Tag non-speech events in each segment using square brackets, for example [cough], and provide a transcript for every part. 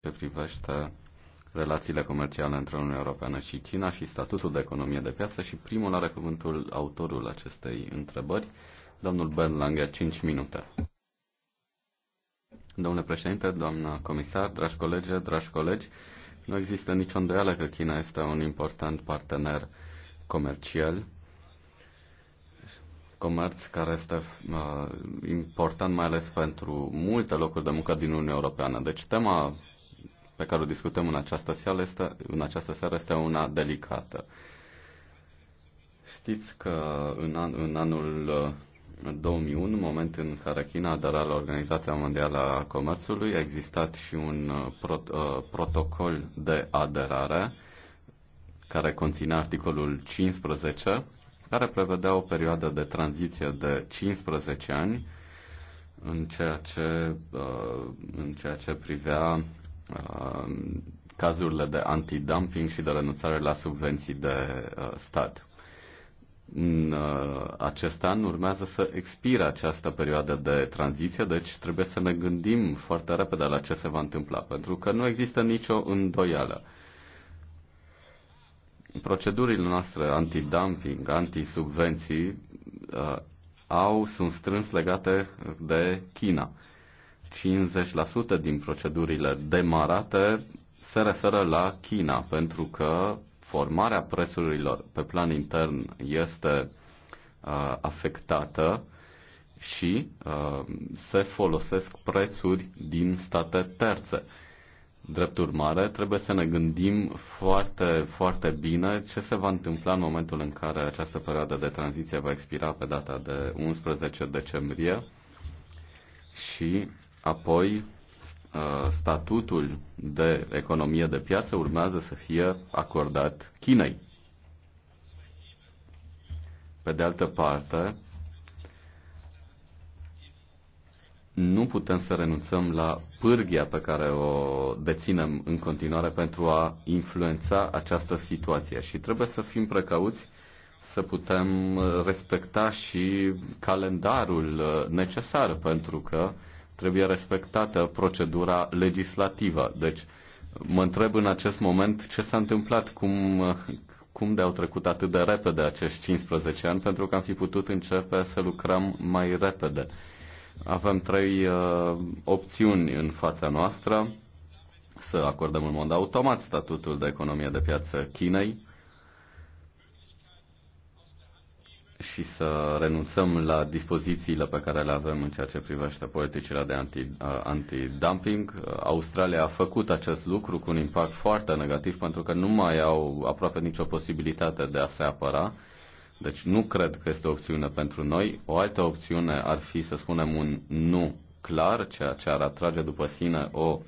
ce privește relațiile comerciale între Uniunea Europeană și China și statutul de economie de piață și primul are cuvântul autorul acestei întrebări, domnul Bernd Lange, 5 minute. Domnule președinte, doamna comisar, dragi colegi, dragi colegi, nu există nicio îndoială că China este un important partener comercial comerț care este uh, important mai ales pentru multe locuri de muncă din Uniunea Europeană. Deci tema pe care o discutăm în această seară este, în această seară este una delicată. Știți că în, an, în anul 2001, uh, moment în care China adera la Organizația Mondială a Comerțului, a existat și un uh, pro, uh, protocol de aderare care conține articolul 15, care prevedea o perioadă de tranziție de 15 ani în ceea ce, uh, în ceea ce privea Uh, cazurile de antidumping și de renunțare la subvenții de uh, stat. În uh, acest an urmează să expire această perioadă de tranziție, deci trebuie să ne gândim foarte repede la ce se va întâmpla, pentru că nu există nicio îndoială. Procedurile noastre antidumping, antisubvenții uh, au, sunt strâns legate de China. Uh, 50% din procedurile demarate se referă la China, pentru că formarea prețurilor pe plan intern este uh, afectată și uh, se folosesc prețuri din state terțe. Drept urmare, trebuie să ne gândim foarte, foarte bine ce se va întâmpla în momentul în care această perioadă de tranziție va expira pe data de 11 decembrie și Apoi, uh, statutul de economie de piață urmează să fie acordat Chinei. Pe de altă parte, nu putem să renunțăm la pârghia pe care o deținem în continuare pentru a influența această situație și trebuie să fim precauți să putem respecta și calendarul uh, necesar pentru că uh, trebuie respectată procedura legislativă. Deci, mă întreb în acest moment ce s-a întâmplat, cum, cum de au trecut atât de repede acești 15 ani, pentru că am fi putut începe să lucrăm mai repede. Avem trei uh, opțiuni în fața noastră. Să acordăm în mod automat statutul de economie de piață Chinei, și să renunțăm la dispozițiile pe care le avem în ceea ce privește politicile de anti, uh, anti-dumping. Uh, Australia a făcut acest lucru cu un impact foarte negativ pentru că nu mai au aproape nicio posibilitate de a se apăra. Deci nu cred că este o opțiune pentru noi. O altă opțiune ar fi să spunem un nu clar, ceea ce ar atrage după sine o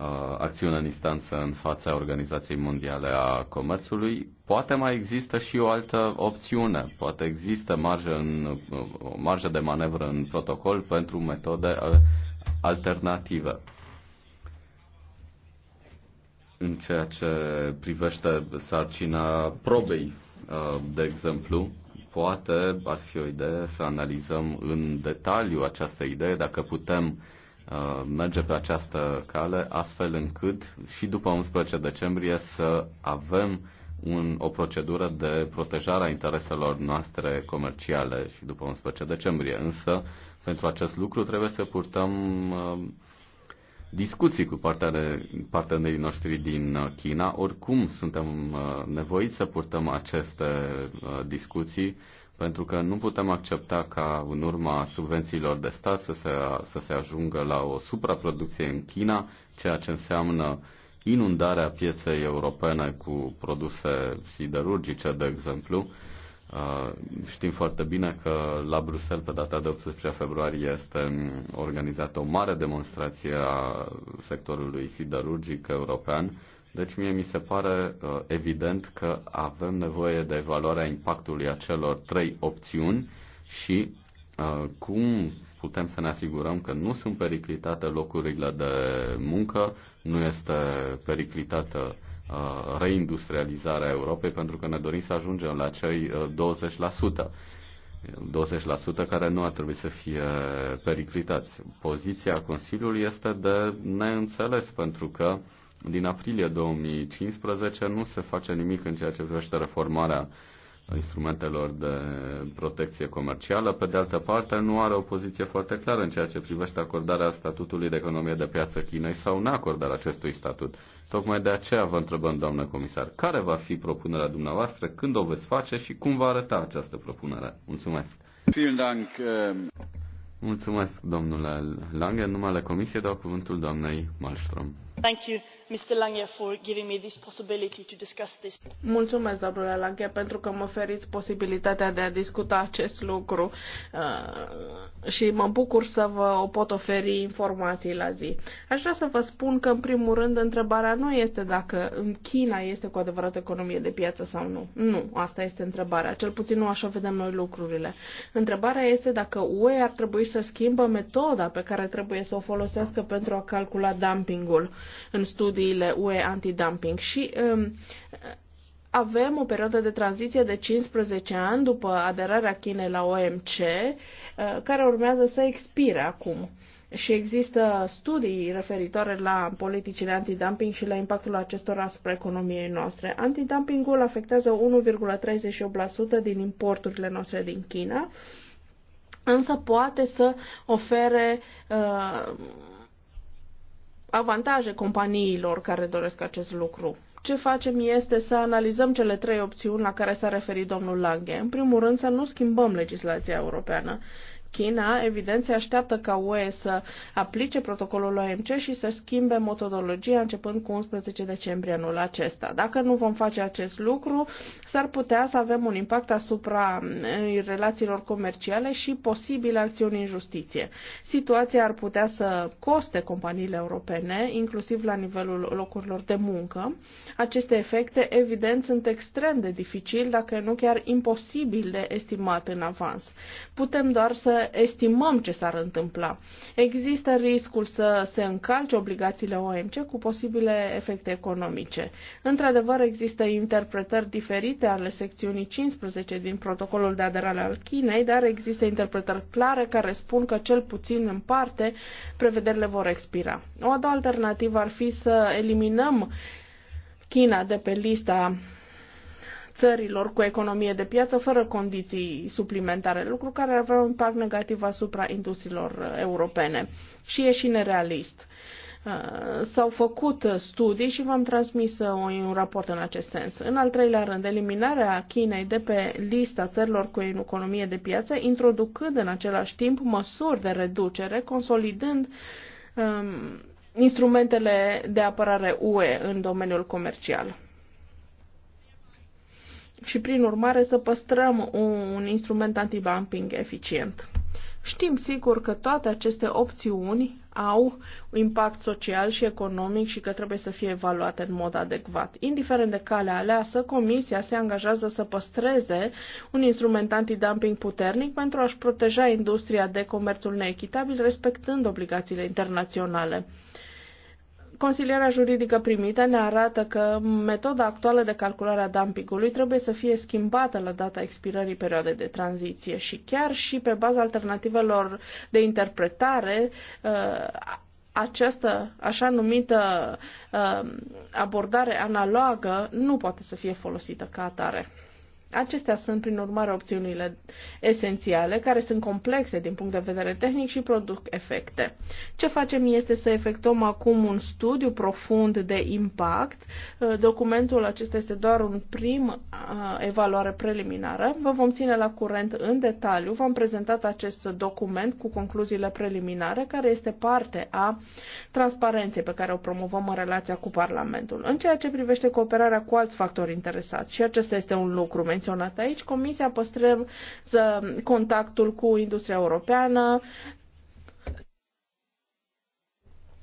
Uh, acțiune în instanță în fața Organizației Mondiale a Comerțului, poate mai există și o altă opțiune. Poate există marjă în, uh, o marjă de manevră în protocol pentru metode alternative. În ceea ce privește sarcina probei, uh, de exemplu, poate ar fi o idee să analizăm în detaliu această idee, dacă putem uh, Uh, merge pe această cale, astfel încât și după 11 decembrie să avem un, o procedură de protejare a intereselor noastre comerciale și după 11 decembrie. Însă, pentru acest lucru trebuie să purtăm uh, discuții cu partenerii noștri din uh, China. Oricum, suntem nevoiți să purtăm aceste discuții pentru că nu putem accepta ca în urma subvențiilor de stat să se, să se ajungă la o supraproducție în China, ceea ce înseamnă inundarea pieței europene cu produse siderurgice, de exemplu. Uh, știm foarte bine că la Bruxelles, pe data de 18 februarie, este organizată o mare demonstrație a sectorului siderurgic european deci mie mi se pare uh, evident că avem nevoie de evaluarea impactului acelor trei opțiuni și uh, cum putem să ne asigurăm că nu sunt periclitate locurile de muncă, nu este periclitată uh, reindustrializarea Europei, pentru că ne dorim să ajungem la cei uh, 20%. 20% care nu ar trebui să fie periclitați. Poziția Consiliului este de neînțeles pentru că uh, din aprilie 2015 nu se face nimic în ceea ce privește reformarea instrumentelor de protecție comercială. Pe de altă parte, nu are o poziție foarte clară în ceea ce privește acordarea statutului de economie de piață Chinei sau neacordarea acestui statut. Tocmai de aceea vă întrebăm, doamnă comisar, care va fi propunerea dumneavoastră, când o veți face și cum va arăta această propunere? Mulțumesc! Eh. Mulțumesc, domnule Lange. În numele Comisiei dau cuvântul doamnei Malmström. Mulțumesc, domnule Lange, pentru că îmi oferiți posibilitatea de a discuta acest lucru uh, și mă bucur să vă pot oferi informații la zi. Aș vrea să vă spun că, în primul rând, întrebarea nu este dacă în China este cu adevărat economie de piață sau nu. Nu, asta este întrebarea. Cel puțin nu așa vedem noi lucrurile. Întrebarea este dacă UE ar trebui să schimbă metoda pe care trebuie să o folosească pentru a calcula dumpingul în studiile UE antidumping și um, avem o perioadă de tranziție de 15 ani după aderarea Chinei la OMC, uh, care urmează să expire acum. Și există studii referitoare la politicile antidumping și la impactul acestora asupra economiei noastre. Antidumpingul afectează 1,38% din importurile noastre din China, însă poate să ofere uh, avantaje companiilor care doresc acest lucru. Ce facem este să analizăm cele trei opțiuni la care s-a referit domnul Lange. În primul rând, să nu schimbăm legislația europeană. China, evident, se așteaptă ca UE să aplice protocolul OMC și să schimbe metodologia începând cu 11 decembrie anul acesta. Dacă nu vom face acest lucru, s-ar putea să avem un impact asupra eh, relațiilor comerciale și posibile acțiuni în justiție. Situația ar putea să coste companiile europene, inclusiv la nivelul locurilor de muncă. Aceste efecte, evident, sunt extrem de dificil, dacă nu chiar imposibil de estimat în avans. Putem doar să estimăm ce s-ar întâmpla. Există riscul să se încalce obligațiile OMC cu posibile efecte economice. Într-adevăr, există interpretări diferite ale secțiunii 15 din protocolul de aderare al Chinei, dar există interpretări clare care spun că cel puțin în parte prevederile vor expira. O altă alternativă ar fi să eliminăm China de pe lista țărilor cu economie de piață fără condiții suplimentare, lucru care ar avea un impact negativ asupra industriilor uh, europene. Și e și nerealist. Uh, s-au făcut uh, studii și v-am transmis un raport în acest sens. În al treilea rând, eliminarea Chinei de pe lista țărilor cu economie de piață, introducând în același timp măsuri de reducere, consolidând um, instrumentele de apărare UE în domeniul comercial și, prin urmare, să păstrăm un instrument antibumping eficient. Știm sigur că toate aceste opțiuni au impact social și economic și că trebuie să fie evaluate în mod adecvat. Indiferent de calea aleasă, Comisia se angajează să păstreze un instrument antidumping puternic pentru a-și proteja industria de comerțul neechitabil, respectând obligațiile internaționale. Consilierea juridică primită ne arată că metoda actuală de calculare a dumpingului trebuie să fie schimbată la data expirării perioadei de tranziție și chiar și pe baza alternativelor de interpretare uh, această așa numită uh, abordare analogă nu poate să fie folosită ca atare. Acestea sunt, prin urmare, opțiunile esențiale, care sunt complexe din punct de vedere tehnic și produc efecte. Ce facem este să efectuăm acum un studiu profund de impact. Documentul acesta este doar un prim evaluare preliminară. Vă vom ține la curent în detaliu. V-am prezentat acest document cu concluziile preliminare, care este parte a transparenței pe care o promovăm în relația cu Parlamentul. În ceea ce privește cooperarea cu alți factori interesați, și acesta este un lucru menționat aici, Comisia păstrează contactul cu industria europeană,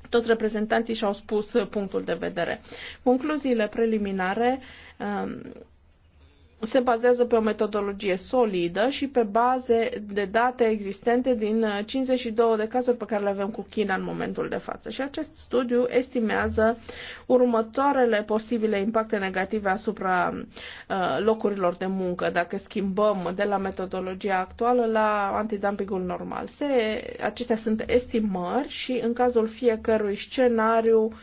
toți reprezentanții și-au spus punctul de vedere. Concluziile preliminare um, se bazează pe o metodologie solidă și pe baze de date existente din 52 uh, de cazuri pe care le avem cu China în momentul de față. Și acest studiu estimează următoarele posibile impacte negative asupra uh, locurilor de muncă dacă schimbăm de la metodologia actuală la antidumpingul normal. Se, acestea sunt estimări și în cazul fiecărui scenariu uh,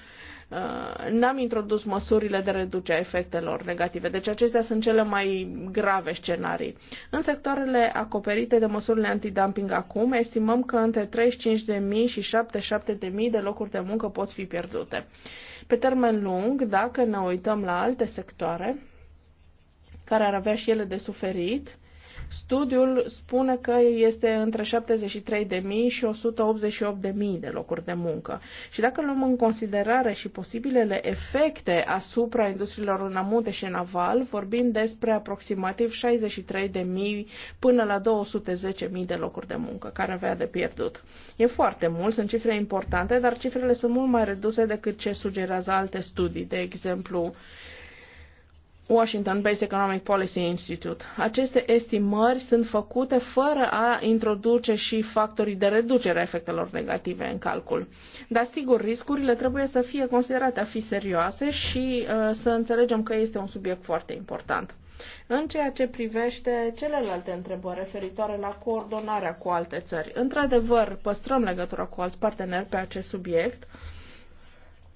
Uh, n-am introdus măsurile de reducere a efectelor negative. Deci acestea sunt cele mai grave scenarii. În sectoarele acoperite de măsurile antidumping acum, estimăm că între 35.000 și 77.000 de locuri de muncă pot fi pierdute. Pe termen lung, dacă ne uităm la alte sectoare care ar avea și ele de suferit, Studiul spune că este între 73.000 și 188.000 de locuri de muncă. Și dacă luăm în considerare și posibilele efecte asupra industriilor în amunte și în aval, vorbim despre aproximativ 63.000 până la 210.000 de locuri de muncă care avea de pierdut. E foarte mult, sunt cifre importante, dar cifrele sunt mult mai reduse decât ce sugerează alte studii, de exemplu Washington Based Economic Policy Institute. Aceste estimări sunt făcute fără a introduce și factorii de reducere a efectelor negative în calcul. Dar sigur, riscurile trebuie să fie considerate a fi serioase și uh, să înțelegem că este un subiect foarte important. În ceea ce privește celelalte întrebări referitoare la coordonarea cu alte țări, într-adevăr, păstrăm legătura cu alți parteneri pe acest subiect. Uh,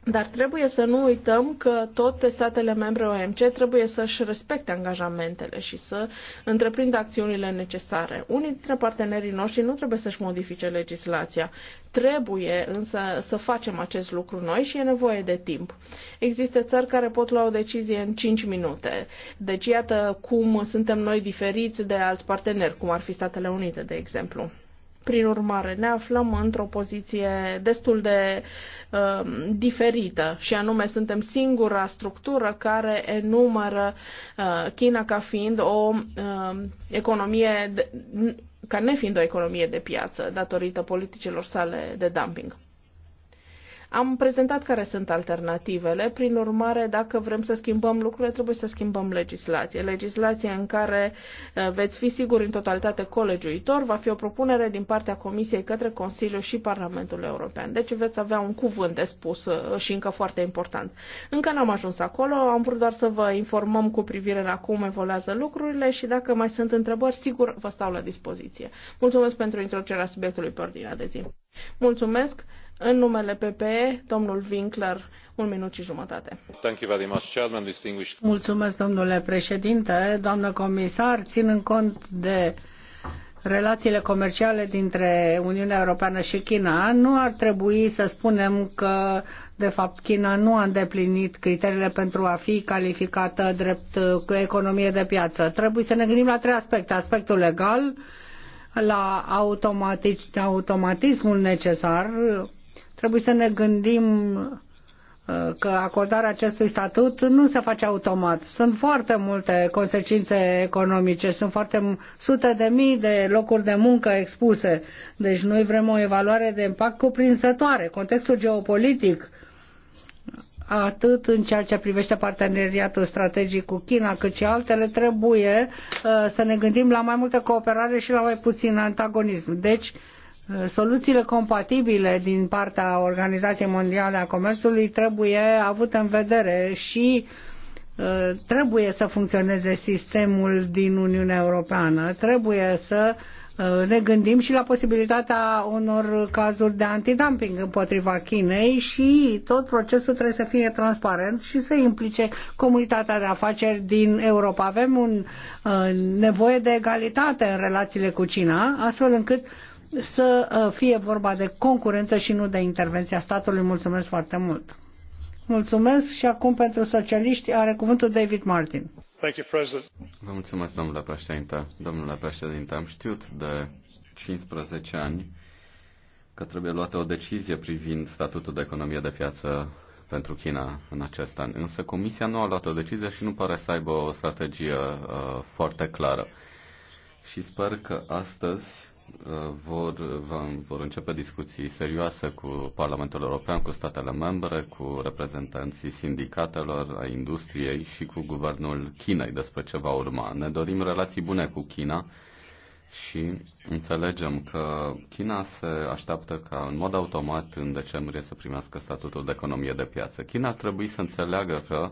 dar trebuie să nu uităm că toate statele membre OMC trebuie să-și respecte angajamentele și să întreprindă acțiunile necesare. Unii dintre partenerii noștri nu trebuie să-și modifice legislația. Trebuie însă să facem acest lucru noi și e nevoie de timp. Există țări care pot lua o decizie în 5 minute. Deci iată cum suntem noi diferiți de alți parteneri, cum ar fi Statele Unite, de exemplu. Prin urmare, ne aflăm într-o poziție destul de uh, diferită și anume suntem singura structură care enumără uh, China ca fiind o uh, economie de, ca nefiind o economie de piață datorită politicilor sale de dumping. Am prezentat care sunt alternativele, prin urmare, dacă vrem să schimbăm lucrurile, trebuie să schimbăm legislație. Legislație în care uh, veți fi siguri în totalitate colegiuitor, va fi o propunere din partea Comisiei către Consiliu și Parlamentul European. Deci veți avea un cuvânt de spus uh, și încă foarte important. Încă n-am ajuns acolo, am vrut doar să vă informăm cu privire la cum evoluează lucrurile și dacă mai sunt întrebări, sigur vă stau la dispoziție. Mulțumesc pentru introducerea subiectului pe ordinea de zi. Mulțumesc! În numele PPE, domnul Winkler, un minut și jumătate. Mulțumesc, domnule președinte, doamnă comisar, ținând cont de relațiile comerciale dintre Uniunea Europeană și China, nu ar trebui să spunem că, de fapt, China nu a îndeplinit criteriile pentru a fi calificată drept economie de piață. Trebuie să ne gândim la trei aspecte. Aspectul legal, la automatic, automatismul necesar Trebuie să ne gândim uh, că acordarea acestui statut nu se face automat. Sunt foarte multe consecințe economice, sunt foarte sute de mii de locuri de muncă expuse. Deci noi vrem o evaluare de impact cuprinsătoare. Contextul geopolitic, atât în ceea ce privește parteneriatul strategic cu China, cât și altele, trebuie uh, să ne gândim la mai multă cooperare și la mai puțin antagonism. Deci soluțiile compatibile din partea Organizației Mondiale a Comerțului trebuie avut în vedere și uh, trebuie să funcționeze sistemul din Uniunea Europeană. Trebuie să uh, ne gândim și la posibilitatea unor cazuri de antidumping împotriva Chinei și tot procesul trebuie să fie transparent și să implice comunitatea de afaceri din Europa. Avem un, uh, nevoie de egalitate în relațiile cu China, astfel încât uh, să uh, fie vorba de concurență și nu de intervenția statului. Mulțumesc foarte mult! Mulțumesc și acum pentru socialiști are cuvântul David Martin. Vă mulțumesc, domnule președinte. Domnule președinte, am știut de 15 ani că trebuie luată o decizie privind statutul de economie de piață pentru China în acest an. Însă Comisia nu a luat o decizie și nu pare să aibă o strategie uh, foarte clară. Și sper că astăzi Uh, vor, vor începe discuții serioase cu Parlamentul European, cu statele membre, cu reprezentanții sindicatelor, a industriei și cu guvernul Chinei despre ce va urma. Ne dorim relații bune cu China și înțelegem că China se așteaptă ca în mod automat în decembrie să primească statutul de economie de piață. China ar trebui să înțeleagă că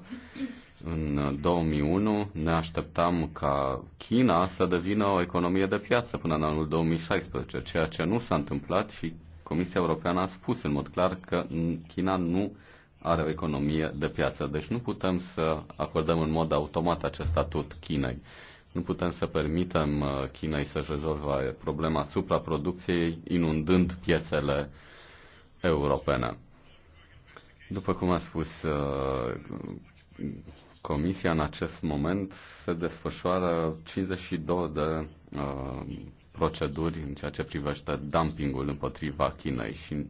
în 2001 ne așteptam ca China să devină o economie de piață până în anul 2016, ceea ce nu s-a întâmplat și Comisia Europeană a spus în mod clar că China nu are o economie de piață. Deci nu putem să acordăm în mod automat acest statut Chinei. Nu putem să permitem uh, Chinei să-și rezolve problema supraproducției inundând piețele europene. După cum a spus uh, Comisia în acest moment se desfășoară 52 de uh, proceduri în ceea ce privește dumpingul împotriva Chinei și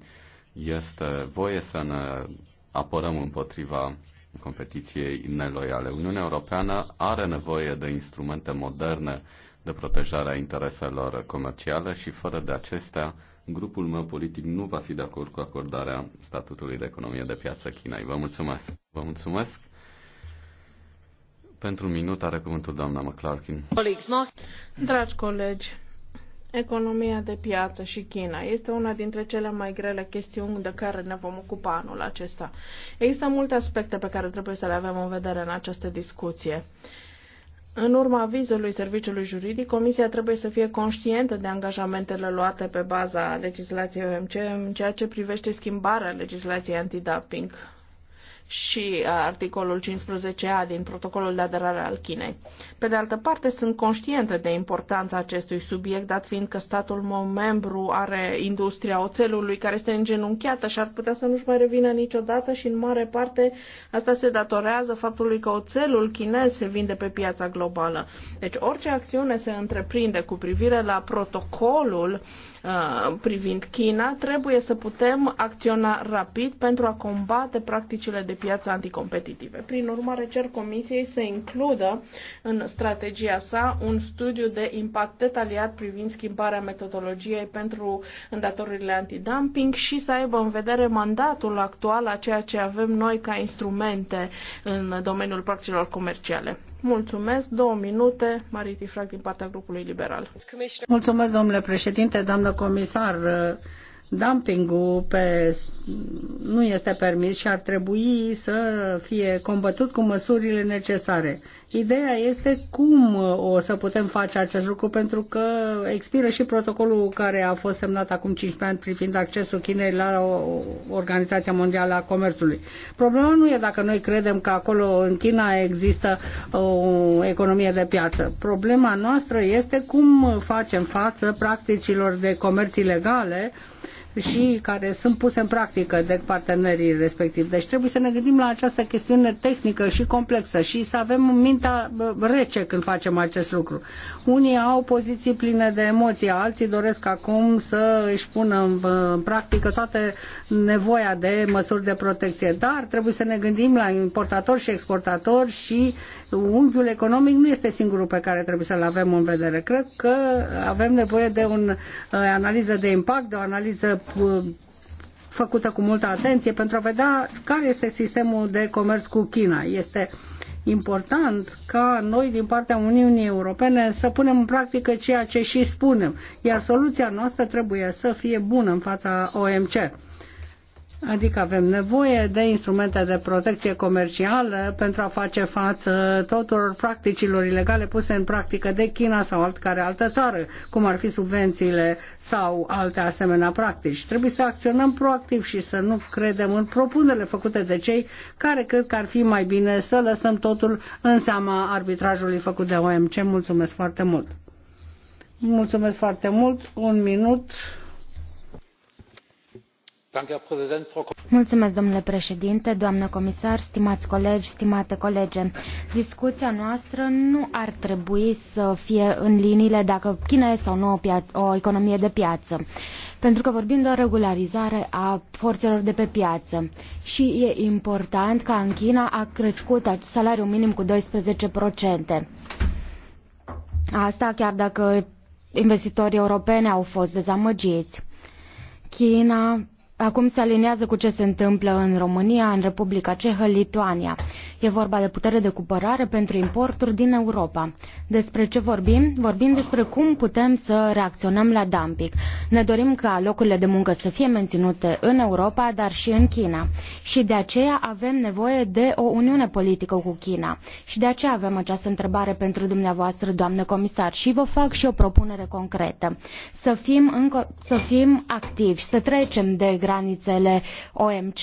este voie să ne apărăm împotriva competiției neloiale. Uniunea Europeană are nevoie de instrumente moderne de protejare a intereselor comerciale și fără de acestea, grupul meu politic nu va fi de acord cu acordarea statutului de economie de piață Chinei. Vă mulțumesc! Vă mulțumesc! Pentru un minut are cuvântul doamna McClarkin. Dragi colegi, economia de piață și China este una dintre cele mai grele chestiuni de care ne vom ocupa anul acesta. Există multe aspecte pe care trebuie să le avem în vedere în această discuție. În urma avizului serviciului juridic, Comisia trebuie să fie conștientă de angajamentele luate pe baza legislației OMC în ceea ce privește schimbarea legislației antidumping și uh, articolul 15a din protocolul de aderare al Chinei. Pe de altă parte, sunt conștientă de importanța acestui subiect, dat fiind că statul meu membru are industria oțelului care este îngenunchiată și ar putea să nu-și mai revină niciodată și în mare parte asta se datorează faptului că oțelul chinez se vinde pe piața globală. Deci orice acțiune se întreprinde cu privire la protocolul uh, Uh, privind China, trebuie să putem acționa rapid pentru a combate practicile de piață anticompetitive. Prin urmare, cer Comisiei să includă în strategia sa un studiu de impact detaliat privind schimbarea metodologiei pentru îndatoririle antidumping și să aibă în vedere mandatul actual a ceea ce avem noi ca instrumente în domeniul practicilor comerciale. Mulțumesc. Două minute. Maritifrac din partea grupului liberal. Mulțumesc, domnule președinte, doamnă comisar. Dumpingul pe, nu este permis și ar trebui să fie combătut cu măsurile necesare. Ideea este cum o să putem face acest lucru, pentru că expiră și protocolul care a fost semnat acum 15 ani privind accesul Chinei la Organizația Mondială a Comerțului. Problema nu e dacă noi credem că acolo în China există o economie de piață. Problema noastră este cum facem față practicilor de comerț ilegale, și care sunt puse în practică de partenerii respectivi. Deci trebuie să ne gândim la această chestiune tehnică și complexă și să avem mintea rece când facem acest lucru. Unii au poziții pline de emoții, alții doresc acum să își pună în practică toate nevoia de măsuri de protecție, dar trebuie să ne gândim la importatori și exportatori și unghiul economic nu este singurul pe care trebuie să-l avem în vedere. Cred că avem nevoie de o eh, analiză de impact, de o analiză Uh, făcută cu multă atenție pentru a vedea care este sistemul de comerț cu China. Este important ca noi din partea Uniunii Europene să punem în practică ceea ce și spunem, iar soluția noastră trebuie să fie bună în fața OMC. Adică avem nevoie de instrumente de protecție comercială pentru a face față tuturor practicilor ilegale puse în practică de China sau altcare altă țară, cum ar fi subvențiile sau alte asemenea practici. Trebuie să acționăm proactiv și să nu credem în propunerile făcute de cei care cred că ar fi mai bine să lăsăm totul în seama arbitrajului făcut de OMC. Mulțumesc foarte mult! Mulțumesc foarte mult! Un minut! Mulțumesc, domnule președinte, doamnă comisar, stimați colegi, stimate colege. Discuția noastră nu ar trebui să fie în liniile dacă China e sau nu o, o economie de piață pentru că vorbim de o regularizare a forțelor de pe piață. Și e important că în China a crescut salariul minim cu 12%. Asta chiar dacă investitorii europeni au fost dezamăgiți. China acum se aliniază cu ce se întâmplă în România, în Republica Cehă, Lituania. E vorba de putere de cumpărare pentru importuri din Europa. Despre ce vorbim? Vorbim despre cum putem să reacționăm la dumping. Ne dorim ca locurile de muncă să fie menținute în Europa, dar și în China. Și de aceea avem nevoie de o uniune politică cu China. Și de aceea avem această întrebare pentru dumneavoastră, doamnă comisar. Și vă fac și o propunere concretă. Să fim, încă, să fim activi, să trecem de granițele OMC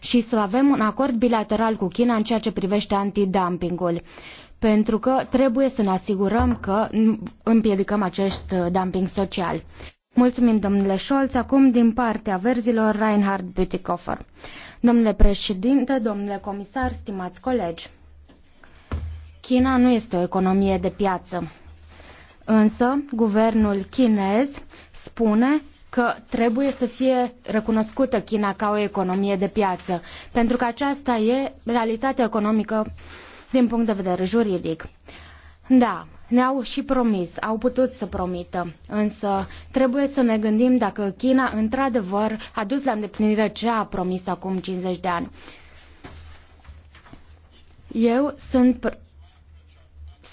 și să avem un acord bilateral cu China în ceea ce privește antidumpingul pentru că trebuie să ne asigurăm că împiedicăm acest uh, dumping social. Mulțumim, domnule Scholz. Acum, din partea verzilor, Reinhard Bütikofer. Domnule președinte, domnule comisar, stimați colegi, China nu este o economie de piață. Însă, guvernul chinez spune că trebuie să fie recunoscută China ca o economie de piață, pentru că aceasta e realitatea economică din punct de vedere juridic. Da, ne-au și promis, au putut să promită, însă trebuie să ne gândim dacă China într-adevăr a dus la îndeplinire ce a promis acum 50 de ani. Eu sunt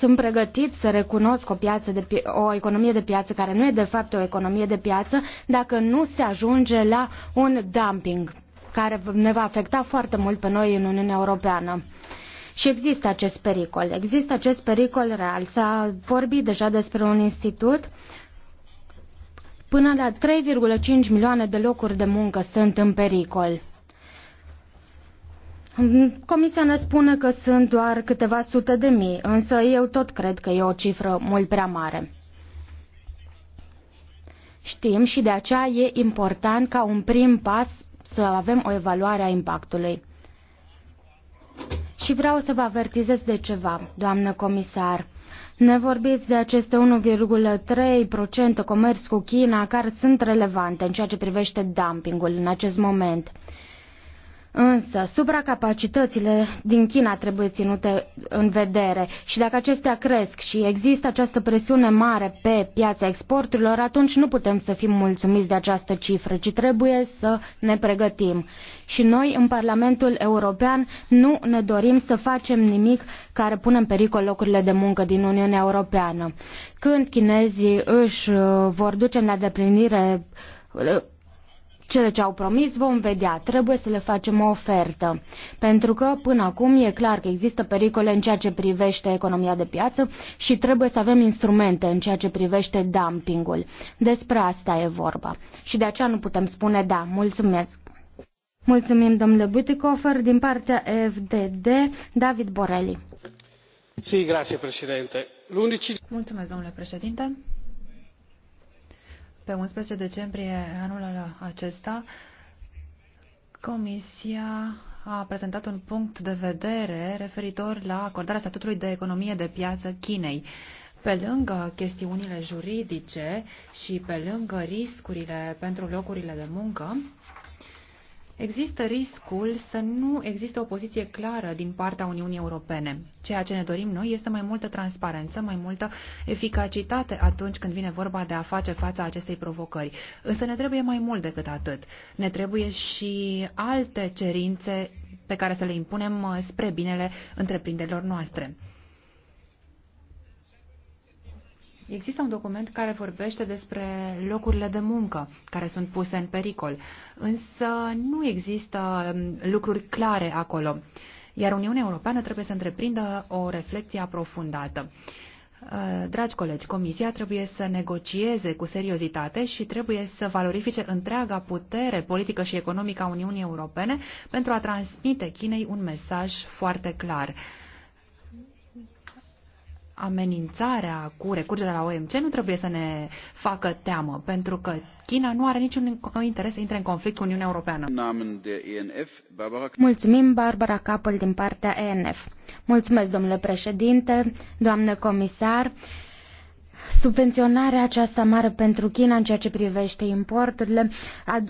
sunt pregătit să recunosc o, piață de, o economie de piață care nu e de fapt o economie de piață dacă nu se ajunge la un dumping care ne va afecta foarte mult pe noi în Uniunea Europeană. Și există acest pericol. Există acest pericol real. S-a vorbit deja despre un institut Până la 3,5 milioane de locuri de muncă sunt în pericol. Comisia ne spune că sunt doar câteva sute de mii, însă eu tot cred că e o cifră mult prea mare. Știm și de aceea e important ca un prim pas să avem o evaluare a impactului. Și vreau să vă avertizez de ceva, doamnă comisar. Ne vorbiți de aceste 1,3% comerț cu China care sunt relevante în ceea ce privește dumpingul în acest moment. Însă, supracapacitățile din China trebuie ținute în vedere și dacă acestea cresc și există această presiune mare pe piața exporturilor, atunci nu putem să fim mulțumiți de această cifră, ci trebuie să ne pregătim. Și noi, în Parlamentul European, nu ne dorim să facem nimic care pune în pericol locurile de muncă din Uniunea Europeană. Când chinezii își uh, vor duce în la deplinire uh, cele ce au promis vom vedea. Trebuie să le facem o ofertă. Pentru că până acum e clar că există pericole în ceea ce privește economia de piață și trebuie să avem instrumente în ceea ce privește dumpingul. Despre asta e vorba. Și de aceea nu putem spune da. Mulțumesc. Mulțumim, domnule Butikofer. Din partea FDD, David Borelli. Sí, grazie, președinte. Mulțumesc, domnule președinte. Pe 11 decembrie anul acesta, Comisia a prezentat un punct de vedere referitor la acordarea statutului de economie de piață Chinei. Pe lângă chestiunile juridice și pe lângă riscurile pentru locurile de muncă, Există riscul să nu existe o poziție clară din partea Uniunii Europene. Ceea ce ne dorim noi este mai multă transparență, mai multă eficacitate atunci când vine vorba de a face fața acestei provocări. Însă ne trebuie mai mult decât atât. Ne trebuie și alte cerințe pe care să le impunem uh, spre binele întreprinderilor noastre. Există un document care vorbește despre locurile de muncă care sunt puse în pericol, însă nu există um, lucruri clare acolo, iar Uniunea Europeană trebuie să întreprindă o reflecție aprofundată. Uh, dragi colegi, Comisia trebuie să negocieze cu seriozitate și trebuie să valorifice întreaga putere politică și economică a Uniunii Europene pentru a transmite Chinei un mesaj foarte clar amenințarea cu recurgerea la OMC nu trebuie să ne facă teamă, pentru că China nu are niciun interes să intre în conflict cu Uniunea Europeană. Mulțumim, Barbara Capul din partea ENF. Mulțumesc, domnule președinte, doamnă comisar. Subvenționarea aceasta mare pentru China în ceea ce privește importurile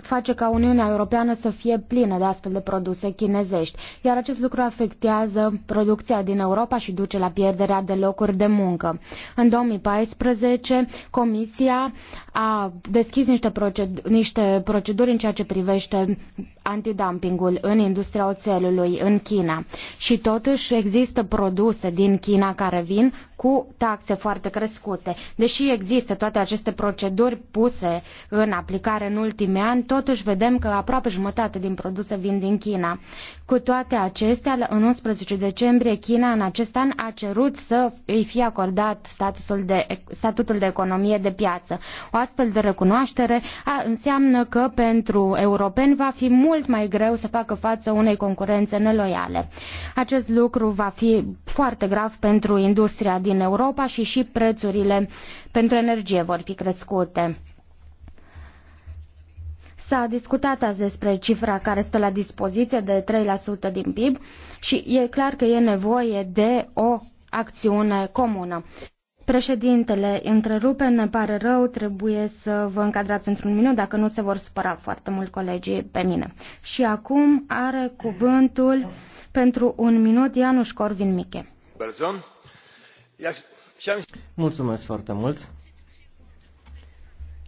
face ca Uniunea Europeană să fie plină de astfel de produse chinezești, iar acest lucru afectează producția din Europa și duce la pierderea de locuri de muncă. În 2014, Comisia a deschis niște, proced- niște proceduri în ceea ce privește antidumpingul în industria oțelului în China. Și totuși există produse din China care vin cu taxe foarte crescute Deși există toate aceste proceduri puse în aplicare în ultimii ani, totuși vedem că aproape jumătate din produse vin din China. Cu toate acestea, în 11 decembrie, China în acest an a cerut să îi fie acordat statusul de, statutul de economie de piață. O astfel de recunoaștere a, înseamnă că pentru europeni va fi mult mai greu să facă față unei concurențe neloiale. Acest lucru va fi foarte grav pentru industria din Europa și și prețurile pentru energie vor fi crescute. S-a discutat azi despre cifra care stă la dispoziție de 3% din PIB și e clar că e nevoie de o acțiune comună. Președintele, întrerupe, ne pare rău, trebuie să vă încadrați într-un minut, dacă nu se vor supăra foarte mult colegii pe mine. Și acum are cuvântul pentru un minut Ianuș Corvin Miche. Berzon. Mulțumesc foarte mult.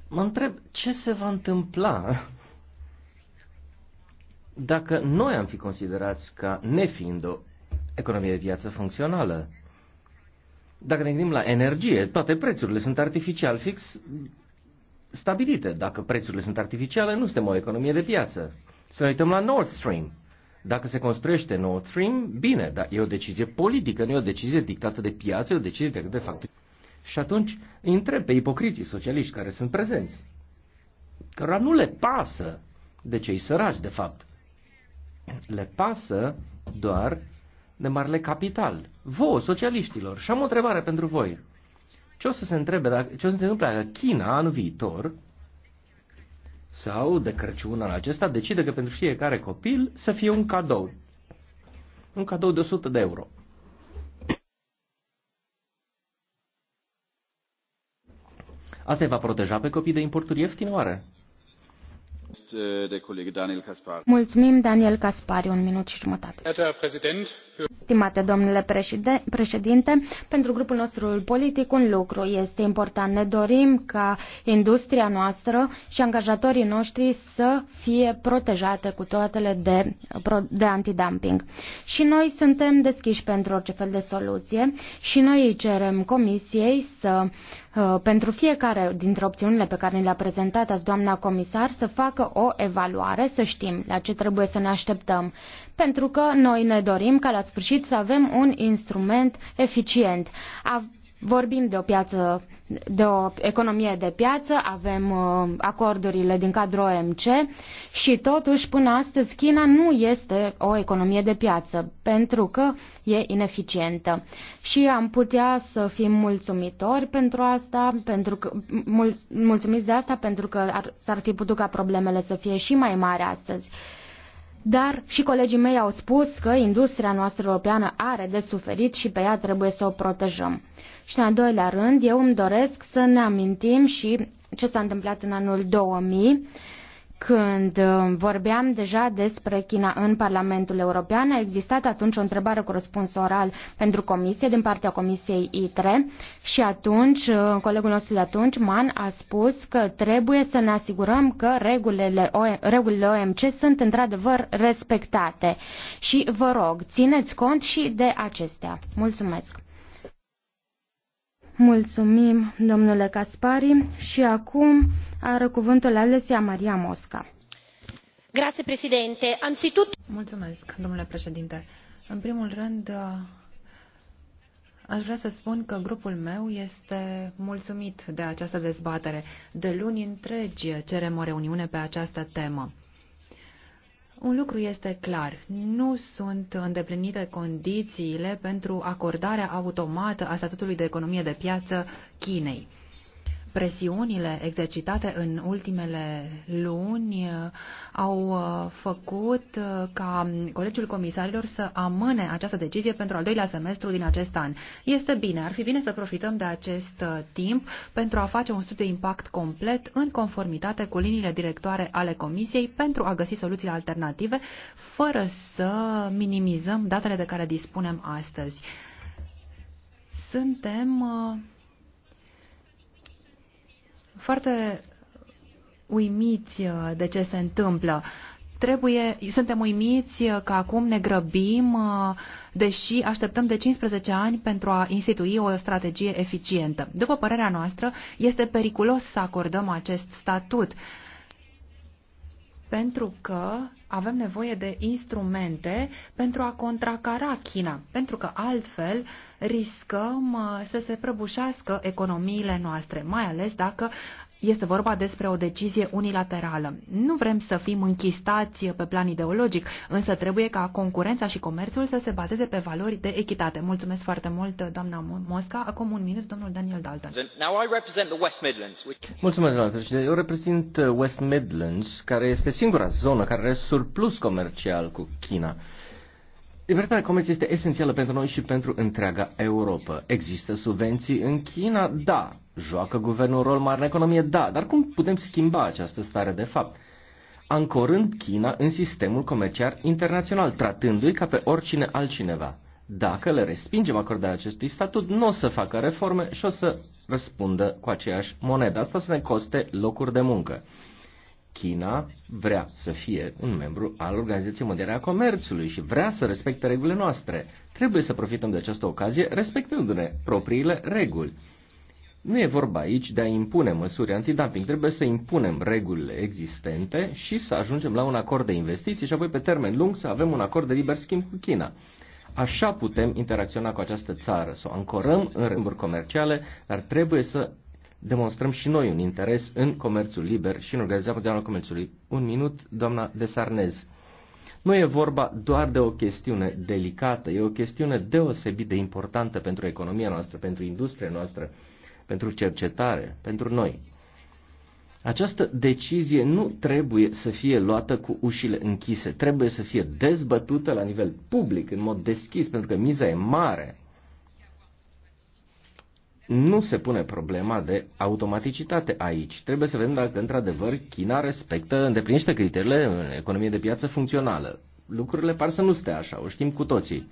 Mă întreb ce se va întâmpla dacă noi am fi considerați ca nefiind o economie de viață funcțională. Dacă ne gândim la energie, toate prețurile sunt artificial fix stabilite. Dacă prețurile sunt artificiale, nu suntem o economie de piață. Să ne uităm la Nord Stream. Dacă se construiește nou stream, bine, dar e o decizie politică, nu e o decizie dictată de piață, e o decizie dictată de fapt. Și atunci îi întreb pe ipocriții socialiști care sunt prezenți, cărora nu le pasă de cei săraci, de fapt. Le pasă doar de marele capital. Voi socialiștilor. Și am o întrebare pentru voi. Ce o să se întrebe, dacă, ce o să se întâmple dacă China anul viitor sau de Crăciun al acesta decide că pentru fiecare copil să fie un cadou. Un cadou de 100 de euro. Asta îi va proteja pe copii de importuri ieftine oare? Mulțumim, Daniel Caspari, un minut și jumătate. Stimate domnule președinte, pentru grupul nostru politic un lucru este important. Ne dorim ca industria noastră și angajatorii noștri să fie protejate cu toatele de, de antidumping. Și noi suntem deschiși pentru orice fel de soluție și noi îi cerem comisiei să uh, pentru fiecare dintre opțiunile pe care le-a prezentat azi doamna comisar să facă o evaluare, să știm la ce trebuie să ne așteptăm pentru că noi ne dorim ca la sfârșit să avem un instrument eficient. Vorbim de o piață, de o economie de piață, avem uh, acordurile din cadrul OMC și totuși până astăzi China nu este o economie de piață pentru că e ineficientă. Și am putea să fim mulțumitori pentru asta, pentru că, mul, mulțumiți de asta pentru că s-ar fi putut ca problemele să fie și mai mari astăzi dar și colegii mei au spus că industria noastră europeană are de suferit și pe ea trebuie să o protejăm. Și în al doilea rând, eu îmi doresc să ne amintim și ce s-a întâmplat în anul 2000, când uh, vorbeam deja despre China în Parlamentul European, a existat atunci o întrebare cu răspuns oral pentru comisie din partea comisiei ITRE și atunci, uh, colegul nostru de atunci, Man, a spus că trebuie să ne asigurăm că regulile, regulile OMC sunt într-adevăr respectate. Și vă rog, țineți cont și de acestea. Mulțumesc! Mulțumim, domnule Caspari. Și acum are cuvântul Alesia Maria Mosca. Grazie, președinte. Anzitut... Mulțumesc, domnule președinte. În primul rând, Aș vrea să spun că grupul meu este mulțumit de această dezbatere. De luni întregi cerem o reuniune pe această temă. Un lucru este clar, nu sunt îndeplinite condițiile pentru acordarea automată a statutului de economie de piață Chinei. Presiunile exercitate în ultimele luni uh, au uh, făcut uh, ca Colegiul Comisarilor să amâne această decizie pentru al doilea semestru din acest an. Este bine, ar fi bine să profităm de acest timp pentru a face un studiu de impact complet în conformitate cu liniile directoare ale Comisiei pentru a găsi soluții alternative fără să minimizăm datele de care dispunem astăzi. Suntem foarte uimiți uh, de ce se întâmplă. Trebuie, suntem uimiți că acum ne grăbim, uh, deși așteptăm de 15 ani pentru a institui o strategie eficientă. După părerea noastră, este periculos să acordăm acest statut pentru că avem nevoie de instrumente pentru a contracara China, pentru că altfel riscăm uh, să se prăbușească economiile noastre, mai ales dacă este vorba despre o decizie unilaterală. Nu vrem să fim închistați pe plan ideologic, însă trebuie ca concurența și comerțul să se bazeze pe valori de echitate. Mulțumesc foarte mult, doamna Mosca. Acum un minut, domnul Daniel Dalton. Mulțumesc, doamna președinte. Eu reprezint uh, West Midlands, care este singura zonă care are surplus comercial cu China. Libertatea de comerț este esențială pentru noi și pentru întreaga Europa. Există subvenții în China? Da. Joacă guvernul un rol mare în economie? Da. Dar cum putem schimba această stare de fapt? Ancorând China în sistemul comercial internațional, tratându-i ca pe oricine altcineva. Dacă le respingem acordarea acestui statut, nu o să facă reforme și o să răspundă cu aceeași monedă. Asta o să ne coste locuri de muncă. China vrea să fie un membru al Organizației Mondiale a Comerțului și vrea să respecte regulile noastre. Trebuie să profităm de această ocazie respectându-ne propriile reguli. Nu e vorba aici de a impune măsuri antidumping, trebuie să impunem regulile existente și să ajungem la un acord de investiții și apoi pe termen lung să avem un acord de liber schimb cu China. Așa putem interacționa cu această țară, să o ancorăm în rânduri comerciale, dar trebuie să demonstrăm și noi un interes în comerțul liber și în Organizația Mondială a Comerțului. Un minut, doamna Desarnez. Nu e vorba doar de o chestiune delicată, e o chestiune deosebit de importantă pentru economia noastră, pentru industria noastră, pentru cercetare, pentru noi. Această decizie nu trebuie să fie luată cu ușile închise, trebuie să fie dezbătută la nivel public, în mod deschis, pentru că miza e mare nu se pune problema de automaticitate aici. Trebuie să vedem dacă, într-adevăr, China respectă, îndeplinește criteriile în economie de piață funcțională. Lucrurile par să nu stea așa, o știm cu toții.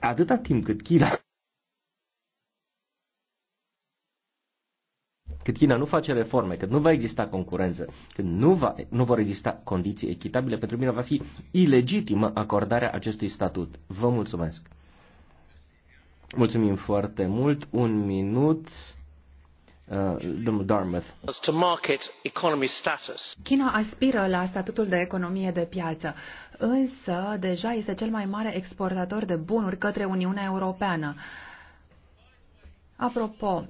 Atâta timp cât China... Cât China nu face reforme, cât nu va exista concurență, cât nu, va, nu vor exista condiții echitabile, pentru mine va fi ilegitimă acordarea acestui statut. Vă mulțumesc! Mulțumim foarte mult. Un minut. Uh, Dartmouth. China aspiră la statutul de economie de piață, însă deja este cel mai mare exportator de bunuri către Uniunea Europeană. Apropo,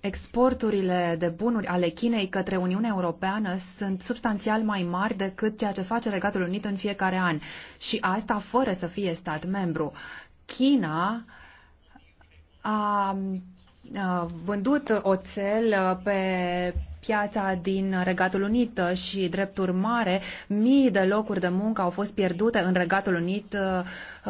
exporturile de bunuri ale Chinei către Uniunea Europeană sunt substanțial mai mari decât ceea ce face Regatul Unit în fiecare an și asta fără să fie stat membru. China a vândut oțel uh, pe piața din Regatul Unit și, drept urmare, mii de locuri de muncă au fost pierdute în Regatul Unit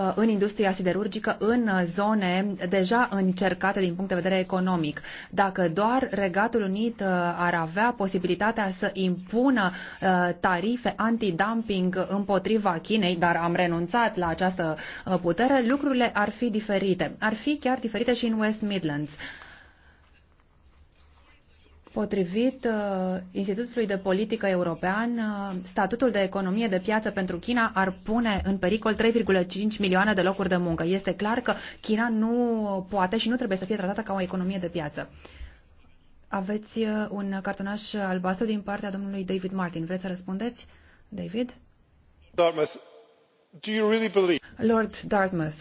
uh, în industria siderurgică, în zone deja încercate din punct de vedere economic. Dacă doar Regatul Unit uh, ar avea posibilitatea să impună uh, tarife antidumping împotriva Chinei, dar am renunțat la această putere, lucrurile ar fi diferite. Ar fi chiar diferite și în West Midlands. Potrivit uh, Institutului de Politică European, uh, statutul de economie de piață pentru China ar pune în pericol 3,5 milioane de locuri de muncă. Este clar că China nu poate și nu trebuie să fie tratată ca o economie de piață. Aveți uh, un cartonaș albastru din partea domnului David Martin. Vreți să răspundeți, David? Dartmouth. Do you really believe... Lord Dartmouth,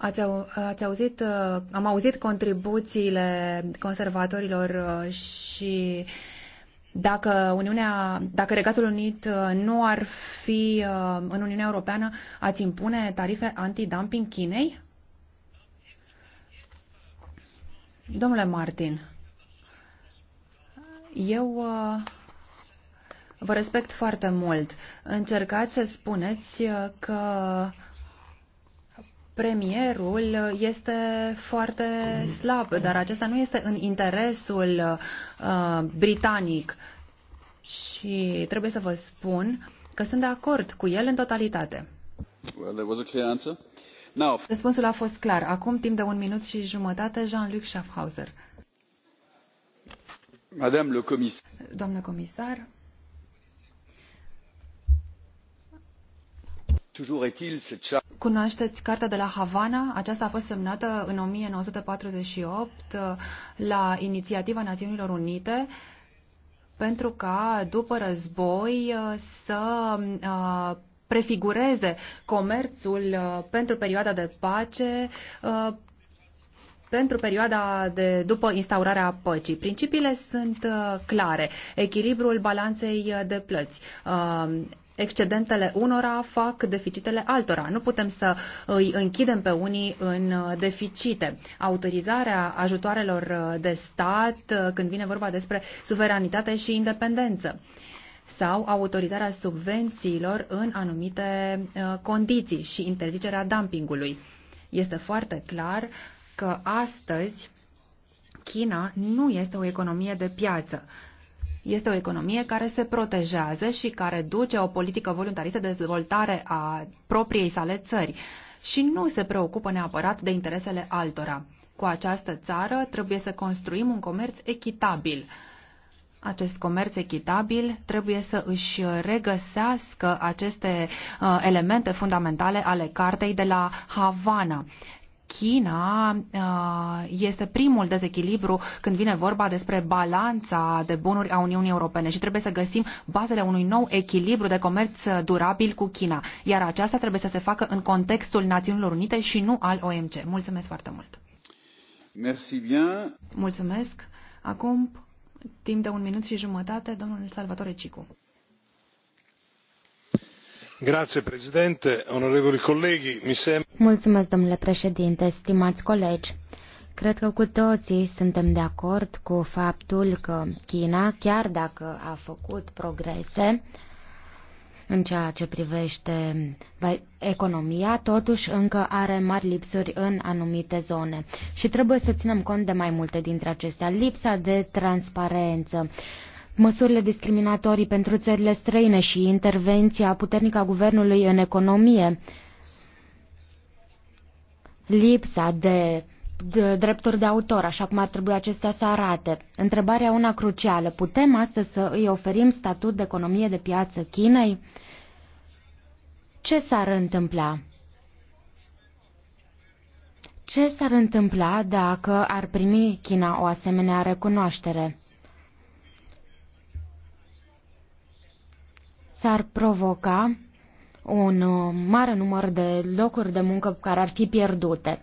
Ați, au, ați auzit, uh, am auzit contribuțiile conservatorilor uh, și dacă, Uniunea, dacă Regatul Unit uh, nu ar fi în Uniunea Europeană, ați impune tarife antidumping Chinei? Domnule Martin, eu vă respect foarte mult. Încercați să spuneți că premierul este foarte slab, dar acesta nu este în interesul uh, britanic. Și trebuie să vă spun că sunt de acord cu el în totalitate. Well, Now... Răspunsul a fost clar. Acum, timp de un minut și jumătate, Jean-Luc Schaffhauser. Madame le comis Doamnă comisar, toujours est-il cette Cunoașteți cartea de la Havana? Aceasta a fost semnată în 1948 uh, la inițiativa Națiunilor Unite pentru ca după război uh, să uh, prefigureze comerțul pentru perioada de pace pentru perioada de după instaurarea păcii. Principiile sunt clare. Echilibrul balanței de plăți, excedentele unora fac deficitele altora. Nu putem să îi închidem pe unii în deficite. Autorizarea ajutoarelor de stat când vine vorba despre suveranitate și independență sau autorizarea subvențiilor în anumite uh, condiții și interzicerea dumpingului. Este foarte clar că astăzi China nu este o economie de piață. Este o economie care se protejează și care duce o politică voluntaristă de dezvoltare a propriei sale țări și nu se preocupă neapărat de interesele altora. Cu această țară trebuie să construim un comerț echitabil. Acest comerț echitabil trebuie să își regăsească aceste uh, elemente fundamentale ale cartei de la Havana China uh, este primul dezechilibru când vine vorba despre balanța de bunuri a Uniunii Europene și trebuie să găsim bazele unui nou echilibru de comerț durabil cu China, iar aceasta trebuie să se facă în contextul Națiunilor Unite și nu al OMC. Mulțumesc foarte mult! Merci bien. Mulțumesc! Acum, timp de un minut și jumătate, domnul Salvatore Cicu. Mulțumesc, domnule președinte, stimați colegi. Cred că cu toții suntem de acord cu faptul că China, chiar dacă a făcut progrese în ceea ce privește economia, totuși încă are mari lipsuri în anumite zone. Și trebuie să ținem cont de mai multe dintre acestea. Lipsa de transparență. Măsurile discriminatorii pentru țările străine și intervenția puternică a guvernului în economie, lipsa de drepturi de autor, așa cum ar trebui acestea să arate. Întrebarea una crucială. Putem astăzi să îi oferim statut de economie de piață Chinei? Ce s-ar întâmpla? Ce s-ar întâmpla dacă ar primi China o asemenea recunoaștere? s-ar provoca un uh, mare număr de locuri de muncă care ar fi pierdute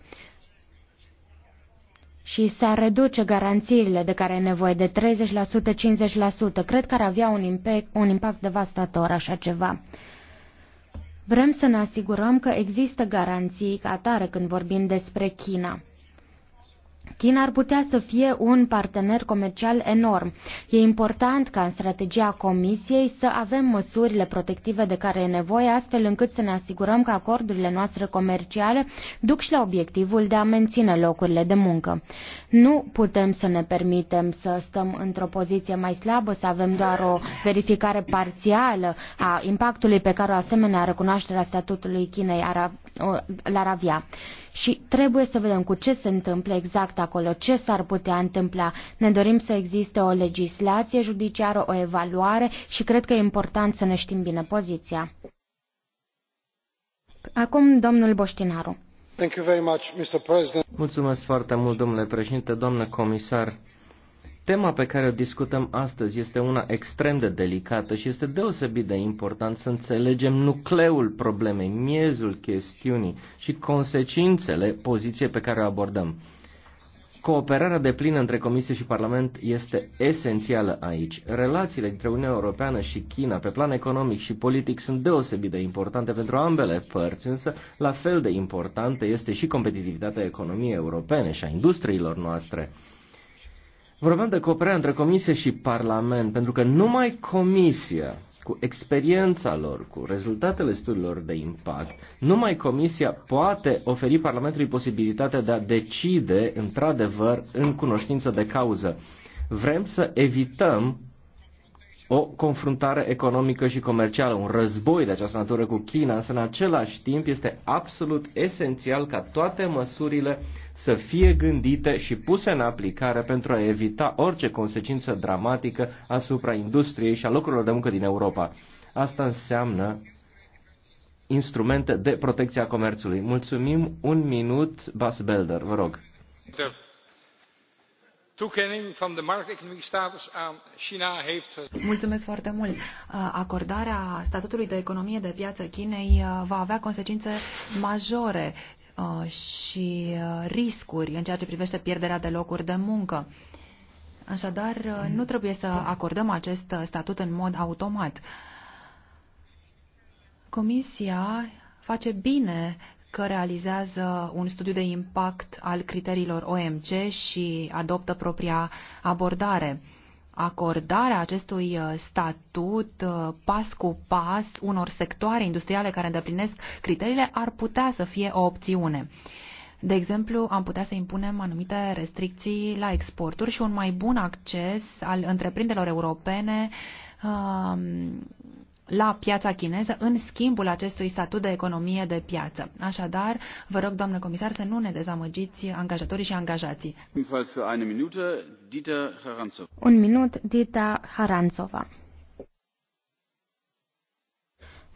și s-ar reduce garanțiile de care e nevoie de 30%, 50%. Cred că ar avea un impact, un impact devastator așa ceva. Vrem să ne asigurăm că există garanții ca atare când vorbim despre China. China ar putea să fie un partener comercial enorm. E important ca în strategia Comisiei să avem măsurile protective de care e nevoie, astfel încât să ne asigurăm că acordurile noastre comerciale duc și la obiectivul de a menține locurile de muncă. Nu putem să ne permitem să stăm într-o poziție mai slabă, să avem doar o verificare parțială a impactului pe care o asemenea recunoașterea statutului Chinei l-ar avea. Și trebuie să vedem cu ce se întâmplă exact exact acolo ce s-ar putea întâmpla. Ne dorim să existe o legislație judiciară, o evaluare și cred că e important să ne știm bine poziția. Acum domnul Boștinaru. Thank you very much, Mr. President. Mulțumesc foarte mult, domnule președinte, doamnă comisar. Tema pe care o discutăm astăzi este una extrem de delicată și este deosebit de important să înțelegem nucleul problemei, miezul chestiunii și consecințele poziției pe care o abordăm. Cooperarea de plină între Comisie și Parlament este esențială aici. Relațiile dintre Uniunea Europeană și China pe plan economic și politic sunt deosebit de importante pentru ambele părți, însă la fel de importantă este și competitivitatea economiei europene și a industriilor noastre. Vorbeam de cooperare între Comisie și Parlament, pentru că numai Comisia cu experiența lor, cu rezultatele studiilor de impact. Numai Comisia poate oferi Parlamentului posibilitatea de a decide, într-adevăr, în cunoștință de cauză. Vrem să evităm o confruntare economică și comercială, un război de această natură cu China, însă în același timp este absolut esențial ca toate măsurile să fie gândite și puse în aplicare pentru a evita orice consecință dramatică asupra industriei și a locurilor de muncă din Europa. Asta înseamnă instrumente de protecție a comerțului. Mulțumim. Un minut, Bas Belder, vă rog. Mulțumesc foarte mult. Acordarea statutului de economie de piață Chinei va avea consecințe majore Uh, și uh, riscuri în ceea ce privește pierderea de locuri de muncă. Așadar, uh, nu trebuie să acordăm acest statut în mod automat. Comisia face bine că realizează un studiu de impact al criteriilor OMC și adoptă propria abordare acordarea acestui uh, statut uh, pas cu pas unor sectoare industriale care îndeplinesc criteriile ar putea să fie o opțiune. De exemplu, am putea să impunem anumite restricții la exporturi și un mai bun acces al întreprinderilor europene um, la piața chineză în schimbul acestui statut de economie de piață. Așadar, vă rog, doamnă comisar, să nu ne dezamăgiți angajatorii și angajații. Un minut, Dita Haranțova.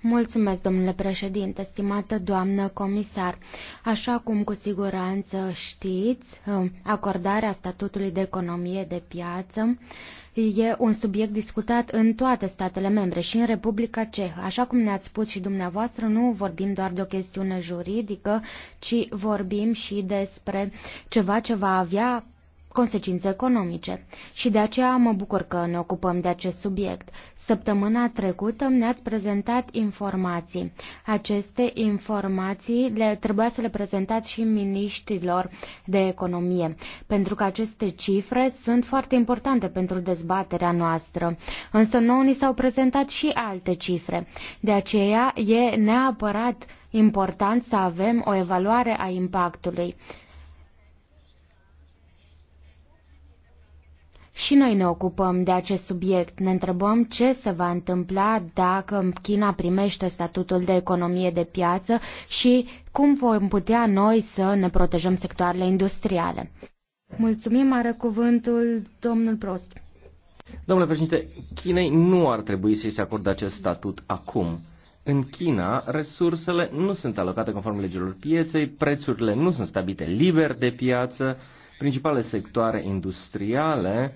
Mulțumesc, domnule președinte, stimată doamnă comisar. Așa cum cu siguranță știți, acordarea statutului de economie de piață e un subiect discutat în toate statele membre și în Republica Cehă. Așa cum ne-ați spus și dumneavoastră, nu vorbim doar de o chestiune juridică, ci vorbim și despre ceva ce va avea consecințe economice și de aceea mă bucur că ne ocupăm de acest subiect. Săptămâna trecută ne-ați prezentat informații. Aceste informații le trebuia să le prezentați și miniștrilor de economie, pentru că aceste cifre sunt foarte importante pentru dezbaterea noastră. Însă nouă ni s-au prezentat și alte cifre. De aceea e neapărat important să avem o evaluare a impactului. Și noi ne ocupăm de acest subiect. Ne întrebăm ce se va întâmpla dacă China primește statutul de economie de piață și cum vom putea noi să ne protejăm sectoarele industriale. Mulțumim, are cuvântul domnul Prost. Domnule președinte, Chinei nu ar trebui să-i se acorde acest statut acum. În China, resursele nu sunt alocate conform legilor pieței, prețurile nu sunt stabilite liber de piață, principale sectoare industriale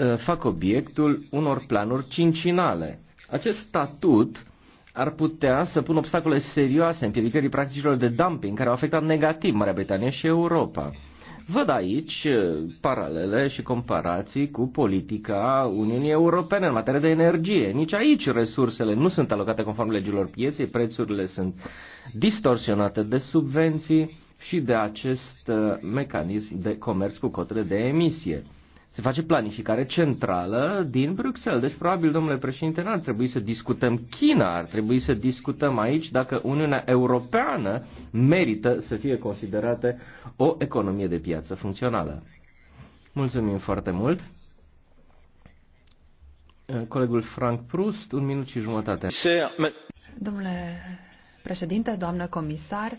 Uh, fac obiectul unor planuri cincinale. Acest statut ar putea să pună obstacole serioase în piedicării practicilor de dumping care au afectat negativ Marea Britanie și Europa. Văd aici uh, paralele și comparații cu politica Uniunii Europene în materie de energie. Nici aici resursele nu sunt alocate conform legilor pieței, prețurile sunt distorsionate de subvenții și de acest uh, mecanism de comerț cu cotele de emisie se face planificare centrală din Bruxelles. Deci, probabil, domnule președinte, n-ar trebui să discutăm China, ar trebui să discutăm aici dacă Uniunea Europeană merită să fie considerată o economie de piață funcțională. Mulțumim foarte mult! Colegul Frank Prust, un minut și jumătate. Domnule președinte, doamnă comisar,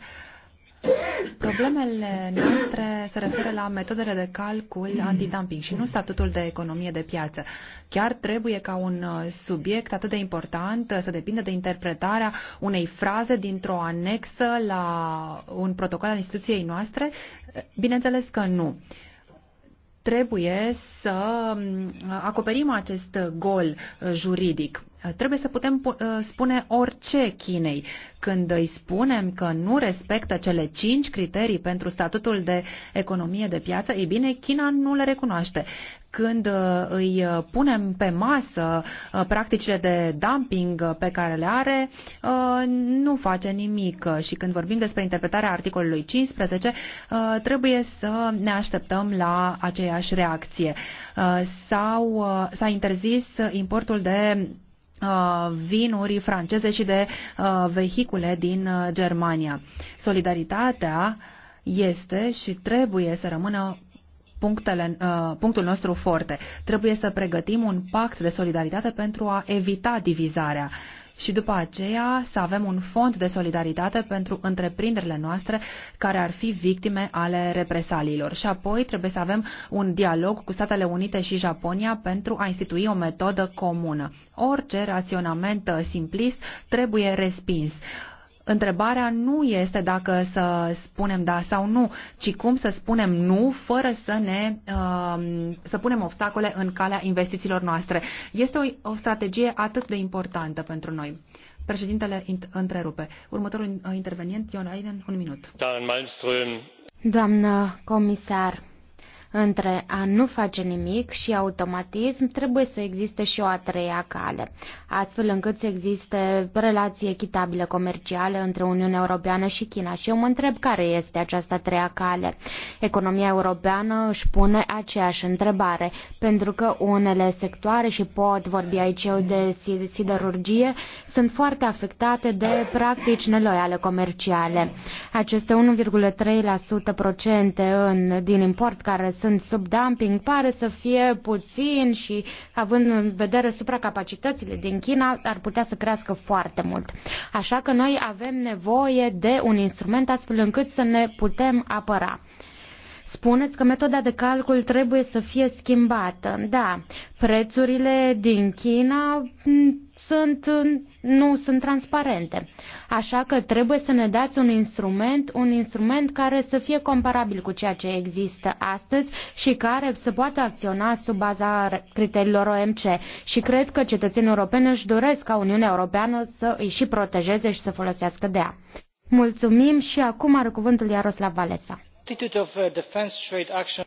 Problemele noastre se referă la metodele de calcul antidumping și nu statutul de economie de piață. Chiar trebuie ca un uh, subiect atât de important uh, să depindă de interpretarea unei fraze dintr-o anexă la un protocol al instituției noastre? Bineînțeles că nu trebuie să mm, acoperim acest gol uh, juridic. Trebuie să putem uh, spune orice Chinei. Când îi spunem că nu respectă cele cinci criterii pentru statutul de economie de piață, ei bine, China nu le recunoaște. Când uh, îi uh, punem pe masă practicile de dumping pe care le are, nu face nimic. Și când vorbim despre interpretarea articolului 15, trebuie să ne așteptăm la aceeași reacție. Sau s-a interzis importul de Uh, vinuri franceze și de uh, vehicule din uh, Germania. Solidaritatea este și trebuie să rămână punctele, punctul nostru forte. Trebuie să pregătim un pact de solidaritate pentru a evita divizarea și după aceea să avem un fond de solidaritate pentru întreprinderile noastre care ar fi victime ale represaliilor. Și apoi trebuie să avem un dialog cu Statele Unite și Japonia pentru a institui o metodă comună. Orice raționament uh, simplist trebuie respins. Întrebarea nu este dacă să spunem da sau nu, ci cum să spunem nu fără să ne um, să punem obstacole în calea investițiilor noastre. Este o, o strategie atât de importantă pentru noi. Președintele întrerupe. Următorul intervenient, Ion Aiden, un minut. Doamnă comisar, între a nu face nimic și automatism trebuie să existe și o a treia cale, astfel încât să existe relații echitabile comerciale între Uniunea Europeană și China. Și eu mă întreb care este această a treia cale. Economia europeană își pune aceeași întrebare, pentru că unele sectoare, și pot vorbi aici eu de siderurgie, sunt foarte afectate de practici neloiale comerciale. Aceste 1,3% procente în, din import care sunt sub dumping pare să fie puțin și având în vedere supracapacitățile din China ar putea să crească foarte mult. Așa că noi avem nevoie de un instrument astfel încât să ne putem apăra. Spuneți că metoda de calcul trebuie să fie schimbată. Da, prețurile din China sunt, nu sunt transparente. Așa că trebuie să ne dați un instrument, un instrument care să fie comparabil cu ceea ce există astăzi și care să poată acționa sub baza criteriilor OMC. Și cred că cetățenii europeni își doresc ca Uniunea Europeană să îi și protejeze și să folosească de ea. Mulțumim și acum are cuvântul Iaroslav Valesa. Uh,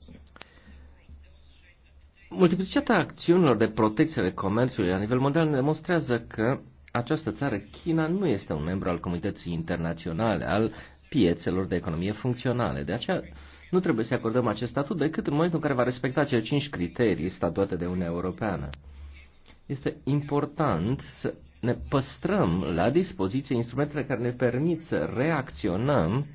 Multiplicitatea acțiunilor de protecție ale comerțului la nivel mondial ne demonstrează că această țară, China, nu este un membru al comunității internaționale, al piețelor de economie funcționale. De aceea nu trebuie să acordăm acest statut decât în momentul în care va respecta cele cinci criterii statuate de Uniunea Europeană. Este important să ne păstrăm la dispoziție instrumentele care ne permit să reacționăm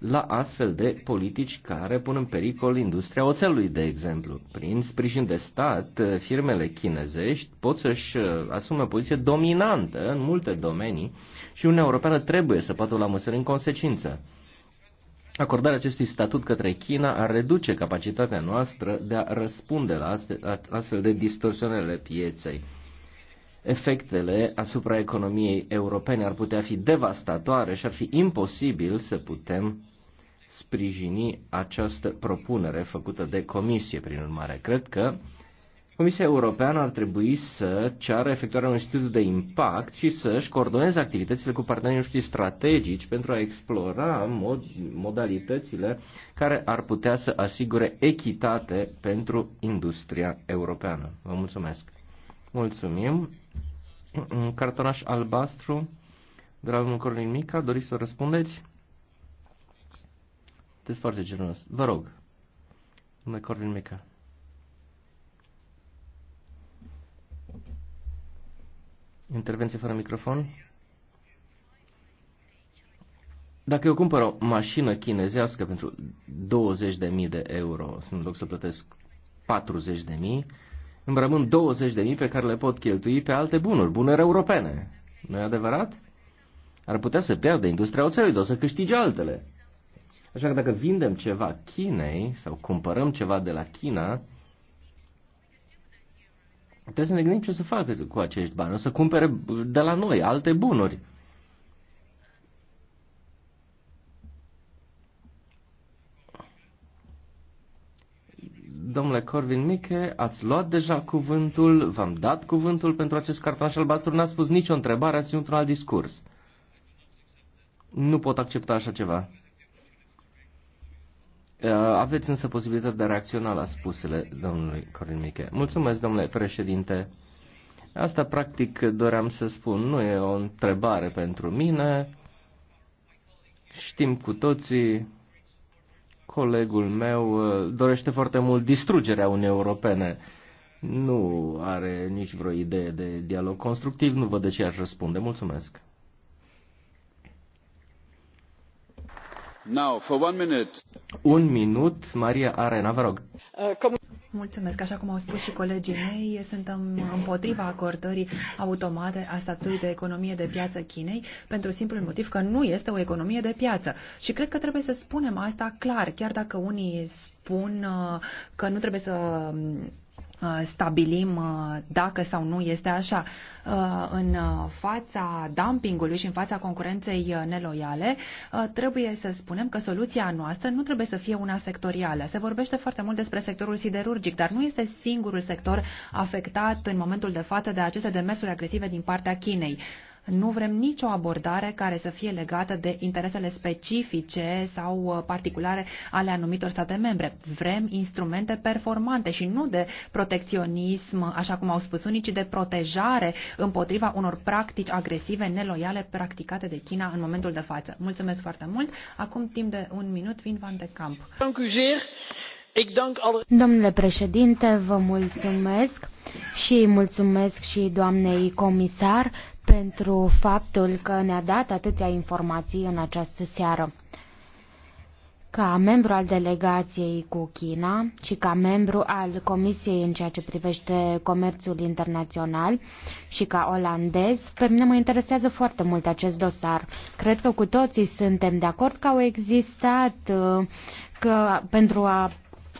la astfel de politici care pun în pericol industria oțelului, de exemplu. Prin sprijin de stat, firmele chinezești pot să-și uh, asume o poziție dominantă în multe domenii și Uniunea Europeană trebuie să poată la măsuri în consecință. Acordarea acestui statut către China ar reduce capacitatea noastră de a răspunde la astfel de distorsionele pieței. Efectele asupra economiei europene ar putea fi devastatoare și ar fi imposibil să putem sprijini această propunere făcută de Comisie, prin urmare. Cred că Comisia Europeană ar trebui să ceară efectuarea unui studiu de impact și să-și coordoneze activitățile cu partenerii noștri strategici pentru a explora mod, modalitățile care ar putea să asigure echitate pentru industria europeană. Vă mulțumesc! Mulțumim! Cartonaș albastru, dragul Corlin Mica, doriți să răspundeți? Sunteți foarte generos. Vă rog. mai Corvin Mica. Intervenție fără microfon. Dacă eu cumpăr o mașină chinezească pentru 20.000 de euro, în loc să plătesc 40.000, îmi rămân 20.000 pe care le pot cheltui pe alte bunuri, bunuri europene. nu e adevărat? Ar putea să piardă industria oțelului, dar o să câștige altele. Așa că dacă vindem ceva Chinei sau cumpărăm ceva de la China, trebuie să ne gândim ce să facă cu acești bani. O să cumpere de la noi alte bunuri. Domnule Corvin Miche, ați luat deja cuvântul, v-am dat cuvântul pentru acest cartonaș albastru, n-ați spus nicio întrebare, ați ținut un alt discurs. Nu pot accepta așa ceva. Uh, aveți însă posibilitatea de a reacționa la spusele domnului Corin Miche. Mulțumesc, domnule președinte. Asta, practic, doream să spun. Nu e o întrebare pentru mine. Știm cu toții, colegul meu uh, dorește foarte mult distrugerea Uniunii Europene. Nu are nici vreo idee de dialog constructiv. Nu văd de ce aș răspunde. Mulțumesc. Now, for one minute. Un minut, Maria Arena, vă rog. Mulțumesc. Așa cum au spus și colegii mei, suntem împotriva acordării automate a statului de economie de piață Chinei pentru simplul motiv că nu este o economie de piață. Și cred că trebuie să spunem asta clar, chiar dacă unii spun uh, că nu trebuie să Uh, stabilim uh, dacă sau nu este așa. Uh, în fața dumpingului și în fața concurenței neloiale, trebuie să spunem că soluția noastră nu trebuie să fie una sectorială. Se vorbește foarte mult despre sectorul siderurgic, dar nu este singurul sector afectat în momentul de față de aceste demersuri agresive din partea Chinei. Nu vrem nicio abordare care să fie legată de interesele specifice sau uh, particulare ale anumitor state membre. Vrem instrumente performante și nu de protecționism, așa cum au spus unii, ci de protejare împotriva unor practici agresive, neloiale, practicate de China în momentul de față. Mulțumesc foarte mult. Acum timp de un minut vin Van de Camp. Domnule președinte, vă mulțumesc și mulțumesc și doamnei comisar pentru faptul că ne-a dat atâtea informații în această seară. Ca membru al delegației cu China și ca membru al Comisiei în ceea ce privește comerțul internațional și ca olandez, pe mine mă interesează foarte mult acest dosar. Cred că cu toții suntem de acord că au existat uh, că pentru a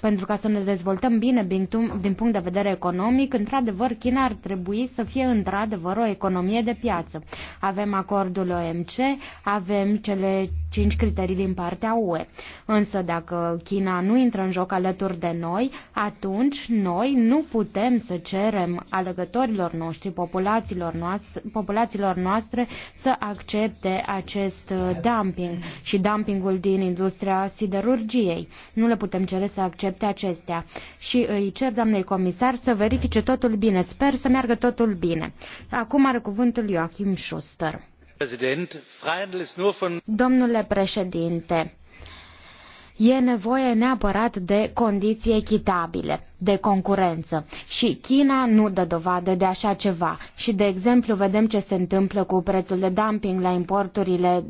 pentru ca să ne dezvoltăm bine din punct de vedere economic, într-adevăr, China ar trebui să fie într-adevăr o economie de piață. Avem acordul OMC, avem cele cinci criterii din partea UE. Însă dacă China nu intră în joc alături de noi, atunci noi nu putem să cerem alegătorilor noștri, populațiilor noastre, populațiilor noastre să accepte acest uh, dumping și dumpingul din industria siderurgiei. Nu le putem cere să accepte accepte acestea. Și îi cer doamnei comisar să verifice totul bine. Sper să meargă totul bine. Acum are cuvântul Joachim Schuster. Domnule președinte, e nevoie neapărat de condiții echitabile, de concurență. Și China nu dă dovadă de așa ceva. Și, de exemplu, vedem ce se întâmplă cu prețul de dumping la importurile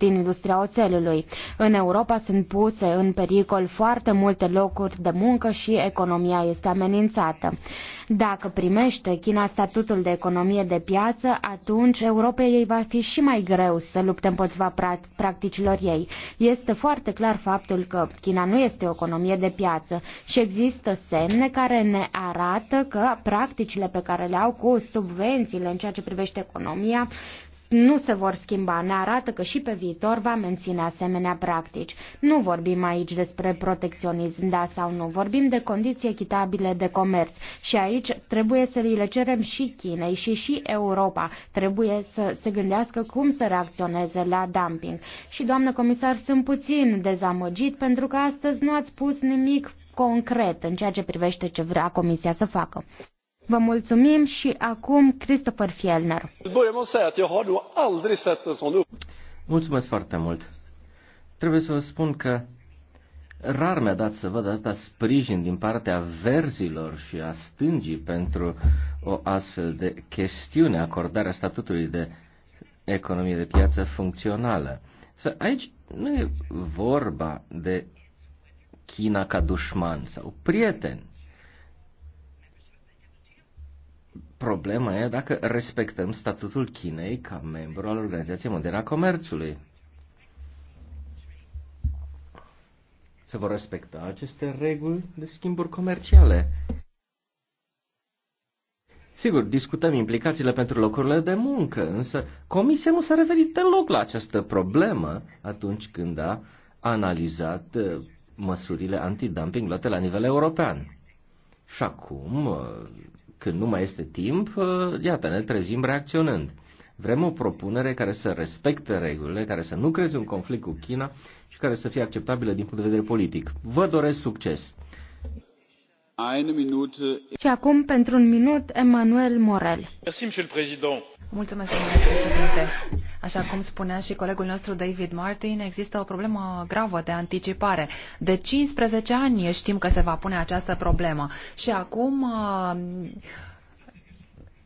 din industria oțelului. În Europa sunt puse în pericol foarte multe locuri de muncă și economia este amenințată. Dacă primește China statutul de economie de piață, atunci Europei ei va fi și mai greu să lupte împotriva practicilor ei. Este foarte clar faptul că China nu este o economie de piață și există semne care ne arată că practicile pe care le au cu subvențiile în ceea ce privește economia nu se vor schimba, ne arată că și pe viitor va menține asemenea practici. Nu vorbim aici despre protecționism, da sau nu, vorbim de condiții echitabile de comerț și aici aici trebuie să le cerem și Chinei și și Europa. Trebuie să se gândească cum să reacționeze la dumping. Și, doamnă comisar, sunt puțin dezamăgit pentru că astăzi nu ați spus nimic concret în ceea ce privește ce vrea Comisia să facă. Vă mulțumim și acum Christopher Fielner. Mulțumesc foarte mult. Trebuie să vă spun că Rar mi-a dat să văd atâta sprijin din partea verzilor și a stângii pentru o astfel de chestiune, acordarea statutului de economie de piață funcțională. Să aici nu e vorba de China ca dușman sau prieten. Problema e dacă respectăm statutul Chinei ca membru al Organizației Mondiale a Comerțului. se vor respecta aceste reguli de schimburi comerciale. Sigur, discutăm implicațiile pentru locurile de muncă, însă Comisia nu s-a referit deloc la această problemă atunci când a analizat uh, măsurile antidumping luate la nivel european. Și acum, uh, când nu mai este timp, uh, iată, ne trezim reacționând. Vrem o propunere care să respecte regulile, care să nu creeze un conflict cu China și care să fie acceptabilă din punct de vedere politic. Vă doresc succes! Și acum, pentru un minut, Emmanuel Morel. Mulțumesc, domnule președinte. Așa cum spunea și colegul nostru David Martin, există o problemă gravă de anticipare. De 15 ani știm că se va pune această problemă și acum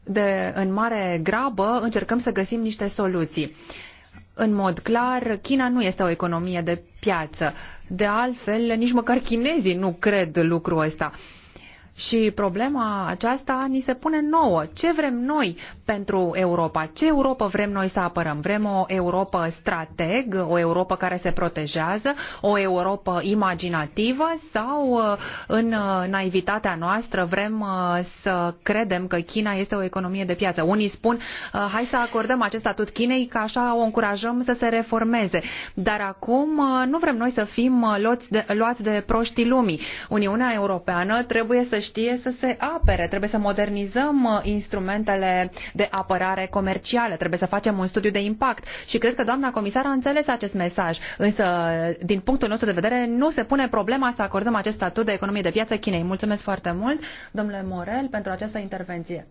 de, în mare grabă încercăm să găsim niște soluții. În mod clar, China nu este o economie de piață. De altfel, nici măcar chinezii nu cred lucrul ăsta. Uh, și problema aceasta ni se pune nouă. Ce vrem noi pentru Europa? Ce Europa vrem noi să apărăm? Vrem o Europa strateg, o Europa care se protejează, o Europa imaginativă sau uh, în uh, naivitatea noastră vrem uh, să credem că China este o economie de piață? Unii spun, hai să acordăm acest statut Chinei, că așa o încurajăm să se reformeze. Dar acum nu vrem noi să fim luați de, luați de proștii lumii. Uniunea Europeană trebuie să știe să se apere. Trebuie să modernizăm uh, instrumentele de apărare comercială, trebuie să facem un studiu de impact. Și cred că doamna comisar a înțeles acest mesaj. Însă, din punctul nostru de vedere, nu se pune problema să acordăm acest statut de economie de piață Chinei. Mulțumesc foarte mult, domnule Morel, pentru această intervenție.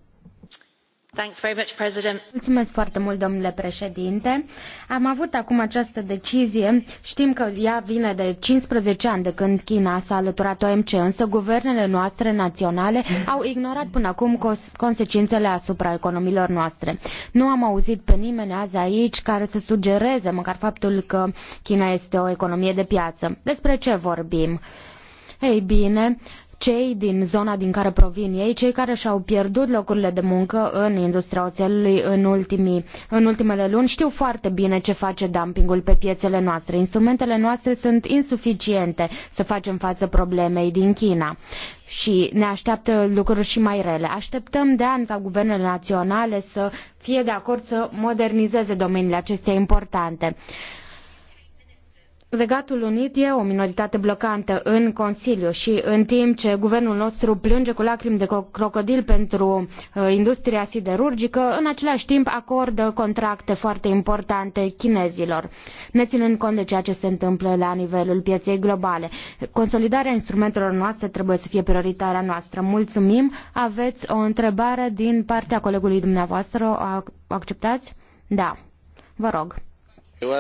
Mulțumesc foarte mult, domnule președinte. Am avut acum această decizie. Știm că ea vine de 15 ani de când China s-a alăturat OMC, însă guvernele noastre naționale au ignorat până acum consecințele asupra economiilor noastre. Nu am auzit pe nimeni azi aici care să sugereze măcar faptul că China este o economie de piață. Despre ce vorbim? Ei bine, cei din zona din care provin ei, cei care și-au pierdut locurile de muncă în industria oțelului în, ultimii, în ultimele luni, știu foarte bine ce face dumpingul pe piețele noastre. Instrumentele noastre sunt insuficiente să facem față problemei din China și ne așteaptă lucruri și mai rele. Așteptăm de ani ca guvernele naționale să fie de acord să modernizeze domeniile acestea importante. Uh, Regatul Unit e o minoritate blocantă în Consiliu și în timp ce guvernul nostru plânge cu lacrimi de crocodil pentru uh, industria siderurgică, în același timp acordă contracte foarte importante chinezilor, neținând cont de ceea ce se întâmplă la nivelul pieței globale. Consolidarea instrumentelor noastre trebuie să fie prioritarea noastră. Mulțumim. Aveți o întrebare din partea colegului dumneavoastră. O acceptați? Da. Vă rog.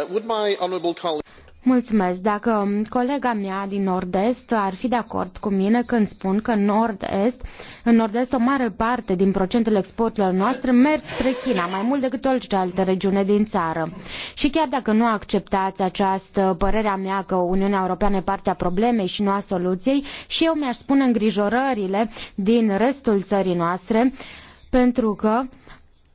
Would my honorable colleague... Mulțumesc. Dacă colega mea din Nord-Est ar fi de acord cu mine când spun că Nord-Est, în Nord-Est o mare parte din procentul exporturilor noastre merg spre China, mai mult decât orice alte regiune din țară. Și chiar dacă nu acceptați această a mea că Uniunea Europeană e partea problemei și nu a soluției, și eu mi-aș spune îngrijorările din restul țării noastre, pentru că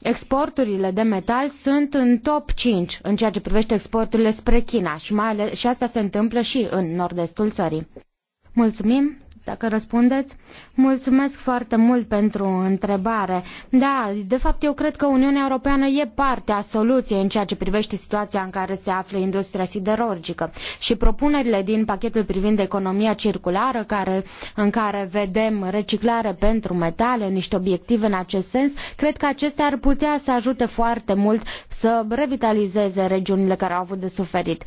exporturile de metal sunt în top 5 în ceea ce privește exporturile spre China și, mai ales, și asta se întâmplă și în nord-estul țării. Mulțumim! dacă răspundeți. Mulțumesc foarte mult pentru întrebare. Da, de fapt eu cred că Uniunea Europeană e parte a soluției în ceea ce privește situația în care se află industria siderurgică și propunerile din pachetul privind economia circulară care, în care vedem reciclare pentru metale, niște obiective în acest sens, cred că acestea ar putea să ajute foarte mult să revitalizeze regiunile care au avut de suferit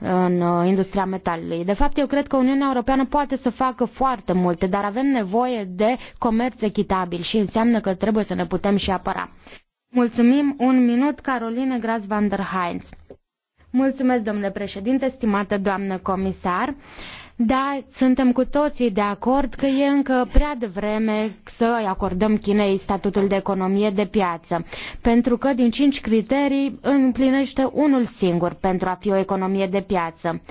în uh, industria metalului. De fapt, eu cred că Uniunea Europeană poate să facă foarte multe, dar avem nevoie de comerț echitabil și înseamnă că trebuie să ne putem și apăra. Mulțumim un minut, Caroline Gras van der Heinz. Mulțumesc, domnule președinte, stimată doamnă comisar. Uh, da, suntem cu toții de acord că e încă prea devreme să îi acordăm Chinei statutul de economie de piață, pentru că din cinci criterii împlinește unul singur pentru a fi o economie de piață.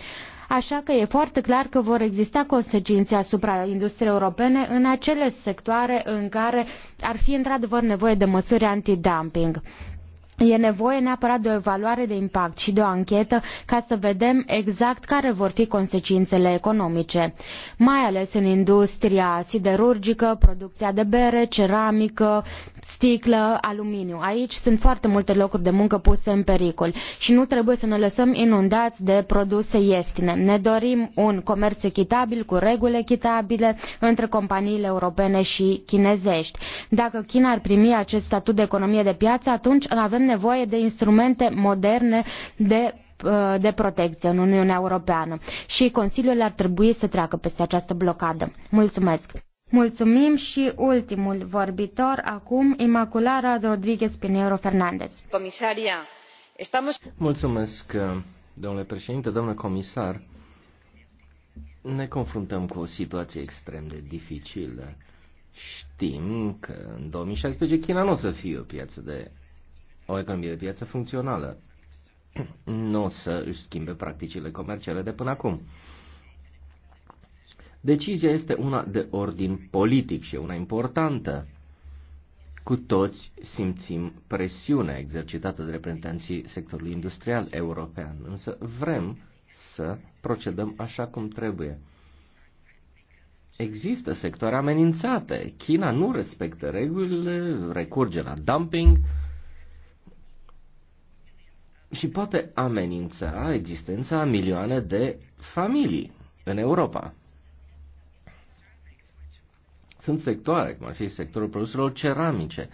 Așa că e foarte clar că vor exista consecințe asupra industriei europene în acele sectoare în care ar fi într-adevăr nevoie de măsuri antidumping. dumping E nevoie neapărat de o evaluare de impact și de o anchetă ca să vedem exact care vor fi consecințele economice, mai ales în industria siderurgică, producția de bere, ceramică, sticlă, aluminiu. Aici sunt foarte multe locuri de muncă puse în pericol și nu trebuie să ne lăsăm inundați de produse ieftine. Ne dorim un comerț echitabil, cu reguli echitabile între companiile europene și chinezești. Dacă China ar primi acest statut de economie de piață, atunci avem nevoie de instrumente moderne de uh, de protecție în Uniunea Europeană și Consiliul ar trebui să treacă peste această blocadă. Mulțumesc! Mulțumim și ultimul vorbitor acum, Imaculara Rodriguez Pinheiro Fernandez. Comisaria, estamos... Mulțumesc, uh, domnule președinte, domnule comisar. Ne confruntăm cu o situație extrem de dificilă. Știm că în 2016 China nu o să fie o piață de o economie de piață funcțională. Nu o să își schimbe practicile comerciale de până acum. Decizia este una de ordin politic și una importantă. Cu toți simțim presiunea exercitată de reprezentanții sectorului industrial european, însă vrem să procedăm așa cum trebuie. Există sectoare amenințate. China nu respectă regulile, recurge la dumping, și poate amenința existența a milioane de familii în Europa. Sunt sectoare, cum ar fi sectorul produselor ceramice,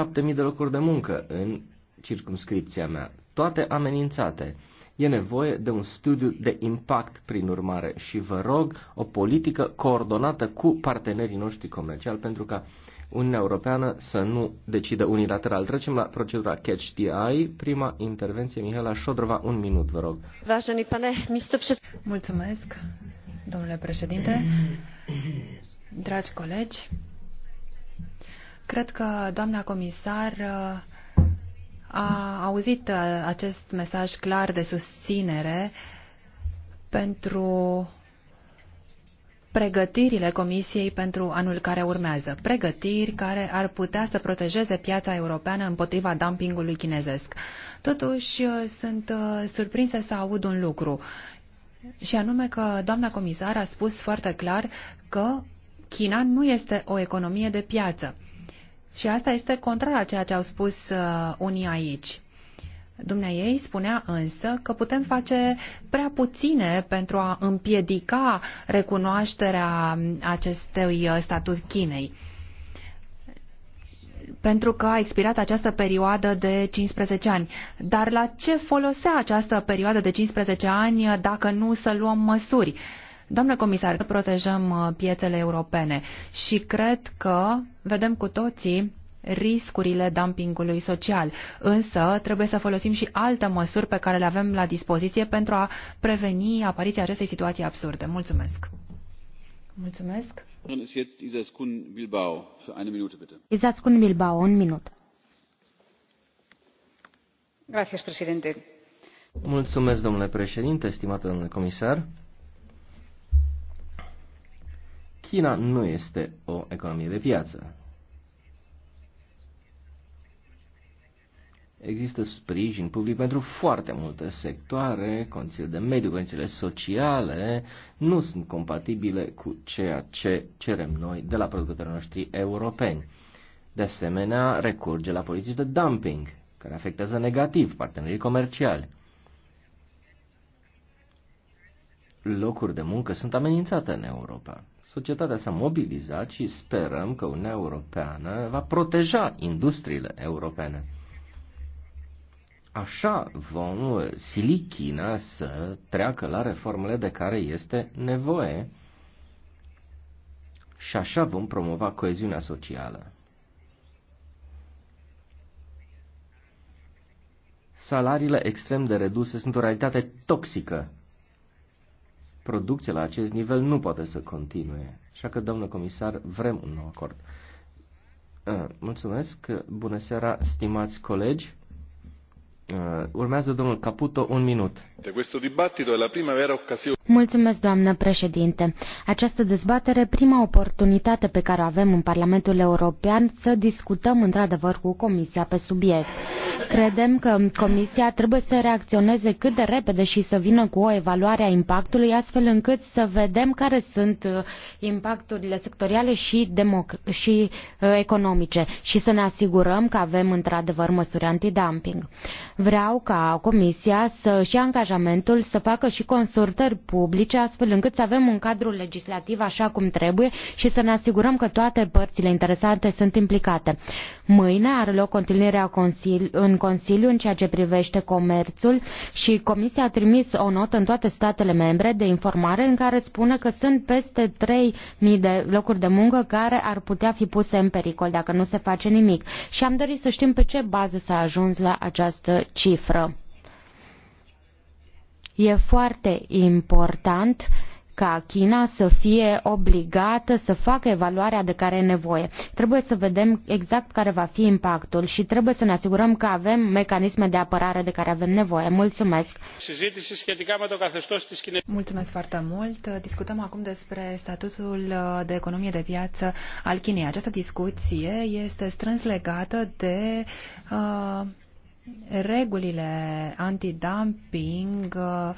7.000 de locuri de muncă în circumscripția mea, toate amenințate. E nevoie de un studiu de impact, prin urmare, și vă rog o politică coordonată cu partenerii noștri comerciali pentru ca uh, Uniunea Europeană să nu decidă unilateral. Trecem la procedura Catch the Eye. Prima intervenție, Mihaela Șodrova, un minut, vă rog. Mulțumesc, domnule președinte. Dragi colegi, cred că doamna comisar uh, a auzit uh, acest mesaj clar de susținere pentru pregătirile Comisiei pentru anul care urmează, pregătiri care ar putea să protejeze piața europeană împotriva dumpingului chinezesc. Totuși, sunt uh, surprinsă să aud un lucru, și anume că doamna comisar a spus foarte clar că China nu este o economie de piață. Și asta este contrar a ceea ce au spus uh, unii aici. Dumnea ei spunea însă că putem face prea puține pentru a împiedica recunoașterea acestui uh, statut Chinei pentru că a expirat această perioadă de 15 ani. Dar la ce folosea această perioadă de 15 ani dacă nu să luăm măsuri? Doamnă comisar, protejăm uh, piețele europene și cred că vedem cu toții riscurile dumpingului social. Însă trebuie să folosim și alte măsuri pe care le avem la dispoziție pentru a preveni apariția acestei situații absurde. Mulțumesc! Mulțumesc! Izaskun Bilbao, Bilbao, un minut. Gracias, presidente. Mulțumesc, domnule președinte, stimată domnule comisar. China nu este o economie de piață. Există sprijin public pentru foarte multe sectoare, condițiile de mediu, condițiile sociale, nu sunt compatibile cu ceea ce cerem noi de la producătorii noștri europeni. De asemenea, recurge la politici de dumping, care afectează negativ partenerii comerciali. Locuri de muncă sunt amenințate în Europa. Societatea s-a mobilizat și sperăm că Uniunea Europeană va proteja industriile europene. Așa vom uh, sili China să treacă la reformele de care este nevoie și așa vom promova coeziunea socială. Salariile extrem de reduse sunt o realitate toxică. Producția la acest nivel nu poate să continue. Așa că, doamnă comisar, vrem un nou acord. Uh, mulțumesc. Bună seara, stimați colegi. Uh, urmează domnul Caputo un minut. Mulțumesc, doamnă președinte. Această dezbatere, prima oportunitate pe care o avem în Parlamentul European să discutăm într-adevăr cu Comisia pe subiect. Credem că Comisia trebuie să reacționeze cât de repede și să vină cu o evaluare a impactului, astfel încât să vedem care sunt uh, impacturile sectoriale și, democ- și uh, economice și să ne asigurăm că avem într-adevăr măsuri antidumping. Vreau ca Comisia să-și angajamentul să facă și consultări publice, astfel încât să avem un cadru legislativ așa cum trebuie și să ne asigurăm că toate părțile interesante sunt implicate. Mâine are loc întâlnirea în Consiliu în ceea ce privește comerțul și Comisia a trimis o notă în toate statele membre de informare în care spune că sunt peste 3.000 de locuri de muncă care ar putea fi puse în pericol dacă nu se face nimic. Și am dorit să știm pe ce bază s-a ajuns la această cifră. E foarte important ca China să fie obligată să facă evaluarea de care e nevoie. Trebuie să vedem exact care va fi impactul și trebuie să ne asigurăm că avem mecanisme de apărare de care avem nevoie. Mulțumesc! Mulțumesc foarte mult! Discutăm acum despre statutul de economie de piață al Chinei. Această discuție este strâns legată de uh, regulile antidumping uh,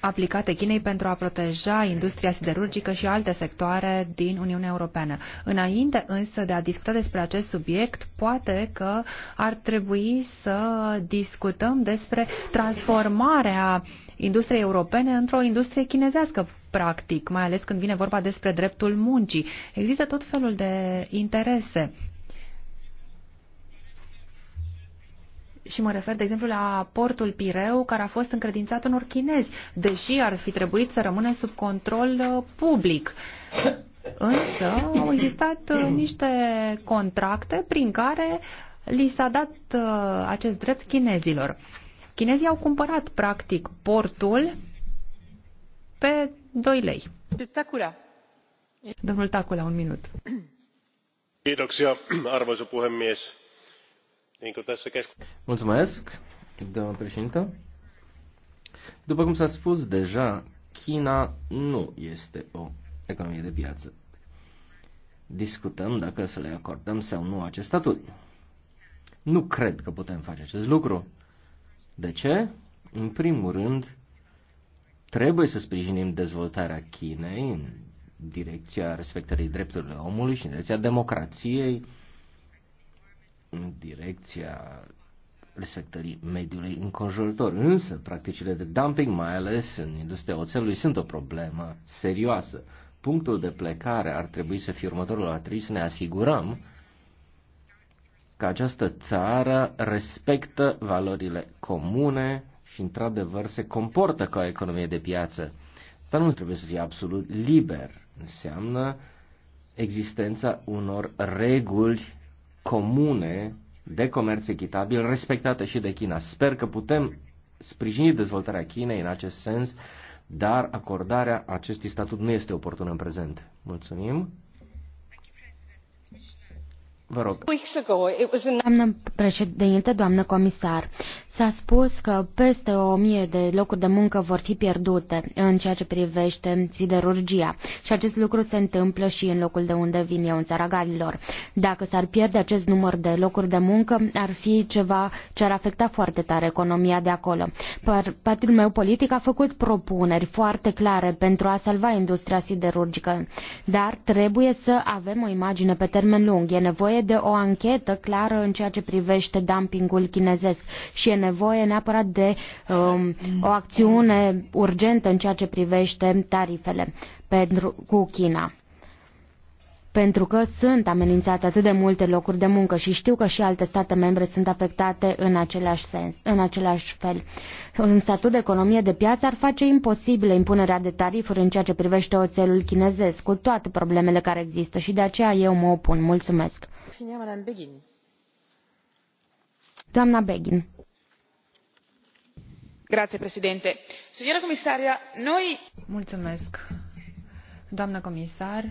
aplicate Chinei pentru a proteja industria siderurgică și alte sectoare din Uniunea Europeană. Înainte însă de a discuta despre acest subiect, poate că ar trebui să discutăm despre transformarea industriei europene într-o industrie chinezească, practic, mai ales când vine vorba despre dreptul muncii. Există tot felul de interese și mă refer, de exemplu, la portul Pireu, care a fost încredințat unor chinezi, deși ar fi trebuit să rămână sub control uh, public. Însă au existat uh, niște contracte prin care li s-a dat uh, acest drept chinezilor. Chinezii au cumpărat, practic, portul pe 2 lei. Domnul Tacula, un minut. Kiitoksia, arvoisa puhemies Mulțumesc, domnul președinte. După cum s-a spus deja, China nu este o economie de piață. Discutăm dacă să le acordăm sau nu acest statut. Nu cred că putem face acest lucru. De ce? În primul rând, trebuie să sprijinim dezvoltarea Chinei în direcția respectării drepturilor omului și în direcția democrației, în direcția respectării mediului înconjurător. Însă, practicile de dumping, mai ales în industria oțelului, sunt o problemă serioasă. Punctul de plecare ar trebui să fie următorul, ar trebui să ne asigurăm că această țară respectă valorile comune și, într-adevăr, se comportă ca o economie de piață. Asta nu trebuie să fie absolut liber. Înseamnă existența unor reguli comune de comerț echitabil respectată și de China. Sper că putem sprijini dezvoltarea Chinei în acest sens, dar acordarea acestui statut nu este oportună în prezent. Mulțumim! Doamnă președinte, doamnă comisar, s-a spus că peste o mie de locuri de muncă vor fi pierdute în ceea ce privește siderurgia și acest lucru se întâmplă și în locul de unde vin eu, în țara Galilor. Dacă s-ar pierde acest număr de locuri de muncă, ar fi ceva ce ar afecta foarte tare economia de acolo. Partidul meu politic a făcut propuneri foarte clare pentru a salva industria siderurgică, dar trebuie să avem o imagine pe termen lung. E nevoie nevoie de o anchetă clară în ceea ce privește dumpingul chinezesc și e nevoie neapărat de um, o acțiune urgentă în ceea ce privește tarifele pentru, cu China pentru că sunt amenințate atât de multe locuri de muncă și știu că și alte state membre sunt afectate în același sens, în același fel. Un statut de economie de piață ar face imposibilă impunerea de tarifuri în ceea ce privește oțelul chinezesc, cu toate problemele care există și de aceea eu mă opun. Mulțumesc. Doamna Begin. Grazie, Presidente. Signora Comisaria, noi... Mulțumesc, doamnă comisar.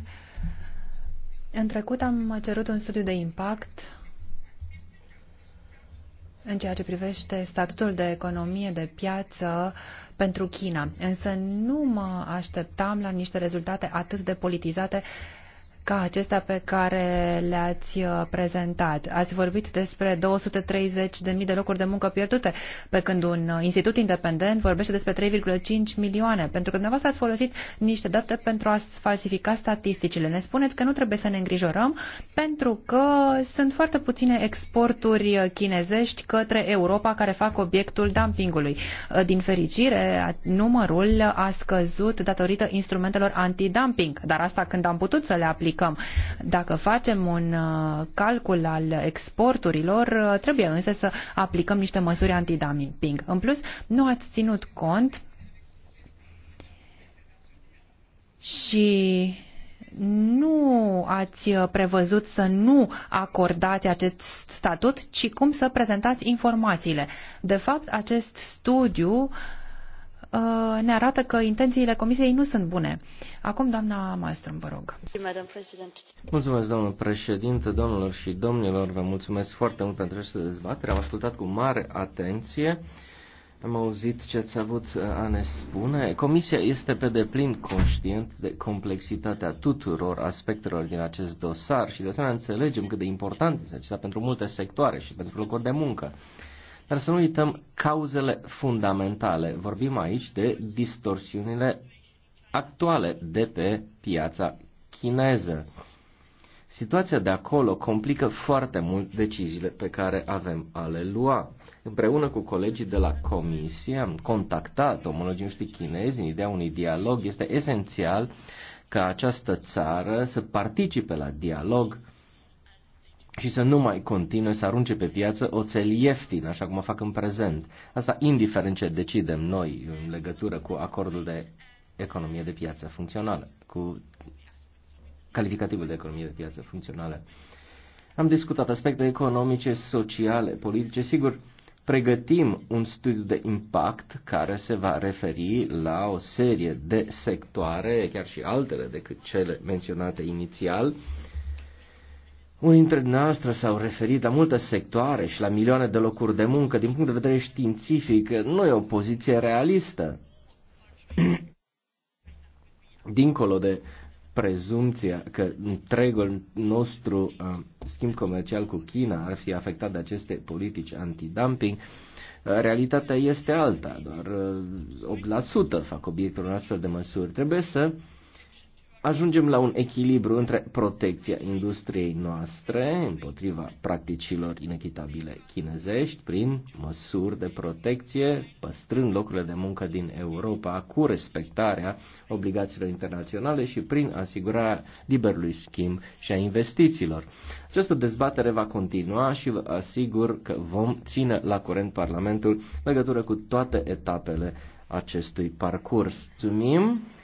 În trecut am cerut un studiu de impact în ceea ce privește statutul de economie de piață pentru China, însă nu mă așteptam la niște rezultate atât de politizate ca acestea pe care le-ați uh, prezentat. Ați vorbit despre 230.000 de locuri de muncă pierdute, pe când un uh, institut independent vorbește despre 3,5 milioane, pentru că dumneavoastră ați folosit niște date pentru a falsifica statisticile. Ne spuneți că nu trebuie să ne îngrijorăm, pentru că sunt foarte puține exporturi uh, chinezești către Europa care fac obiectul dumpingului. Din fericire, numărul a scăzut datorită instrumentelor antidumping, dar asta când am putut să le aplicăm aplicăm. Dacă facem un uh, calcul al exporturilor, uh, trebuie însă să aplicăm niște măsuri antidumping. În plus, nu ați ținut cont și nu ați prevăzut să nu acordați acest statut, ci cum să prezentați informațiile. De fapt, acest studiu uh, Uh, ne arată că intențiile Comisiei nu sunt bune. Acum, doamna Malmström, vă rog. Mulțumesc, domnul președinte, domnilor și domnilor, vă mulțumesc foarte mult pentru această dezbatere. Am ascultat cu mare atenție. Am auzit ce ați avut uh, a ne spune. Comisia este pe deplin conștient de complexitatea tuturor aspectelor din acest dosar și de asemenea înțelegem cât de important este acesta pentru multe sectoare și pentru locuri de muncă. Dar să nu uităm cauzele fundamentale. Vorbim aici de distorsiunile actuale de pe piața chineză. Situația de acolo complică foarte mult deciziile pe care avem a le lua. Împreună cu colegii de la comisie am contactat omologii noștri chinezi în ideea unui dialog. Este esențial ca această țară să participe la dialog și să nu mai continue să arunce pe piață oțel ieftin, așa cum o fac în prezent. Asta indiferent ce decidem noi în legătură cu acordul de economie de piață funcțională, cu calificativul de economie de piață funcțională. Am discutat aspecte economice, sociale, politice. Sigur, pregătim un studiu de impact care se va referi la o serie de sectoare, chiar și altele decât cele menționate inițial, unii dintre noastre s-au referit la multe sectoare și la milioane de locuri de muncă. Din punct de vedere științific, nu e o poziție realistă. [clears throat] Dincolo de prezumția că întregul nostru uh, schimb comercial cu China ar fi afectat de aceste politici antidumping, uh, realitatea este alta, doar uh, 8% fac obiectul unor astfel de măsuri. Trebuie să uh, ajungem la un echilibru între protecția industriei noastre împotriva practicilor inechitabile chinezești prin măsuri de protecție, păstrând locurile de muncă din Europa cu respectarea obligațiilor internaționale și prin asigurarea liberului schimb și a investițiilor. Această dezbatere va continua și vă asigur că vom ține la curent Parlamentul legătură cu toate etapele acestui parcurs. Mulțumim!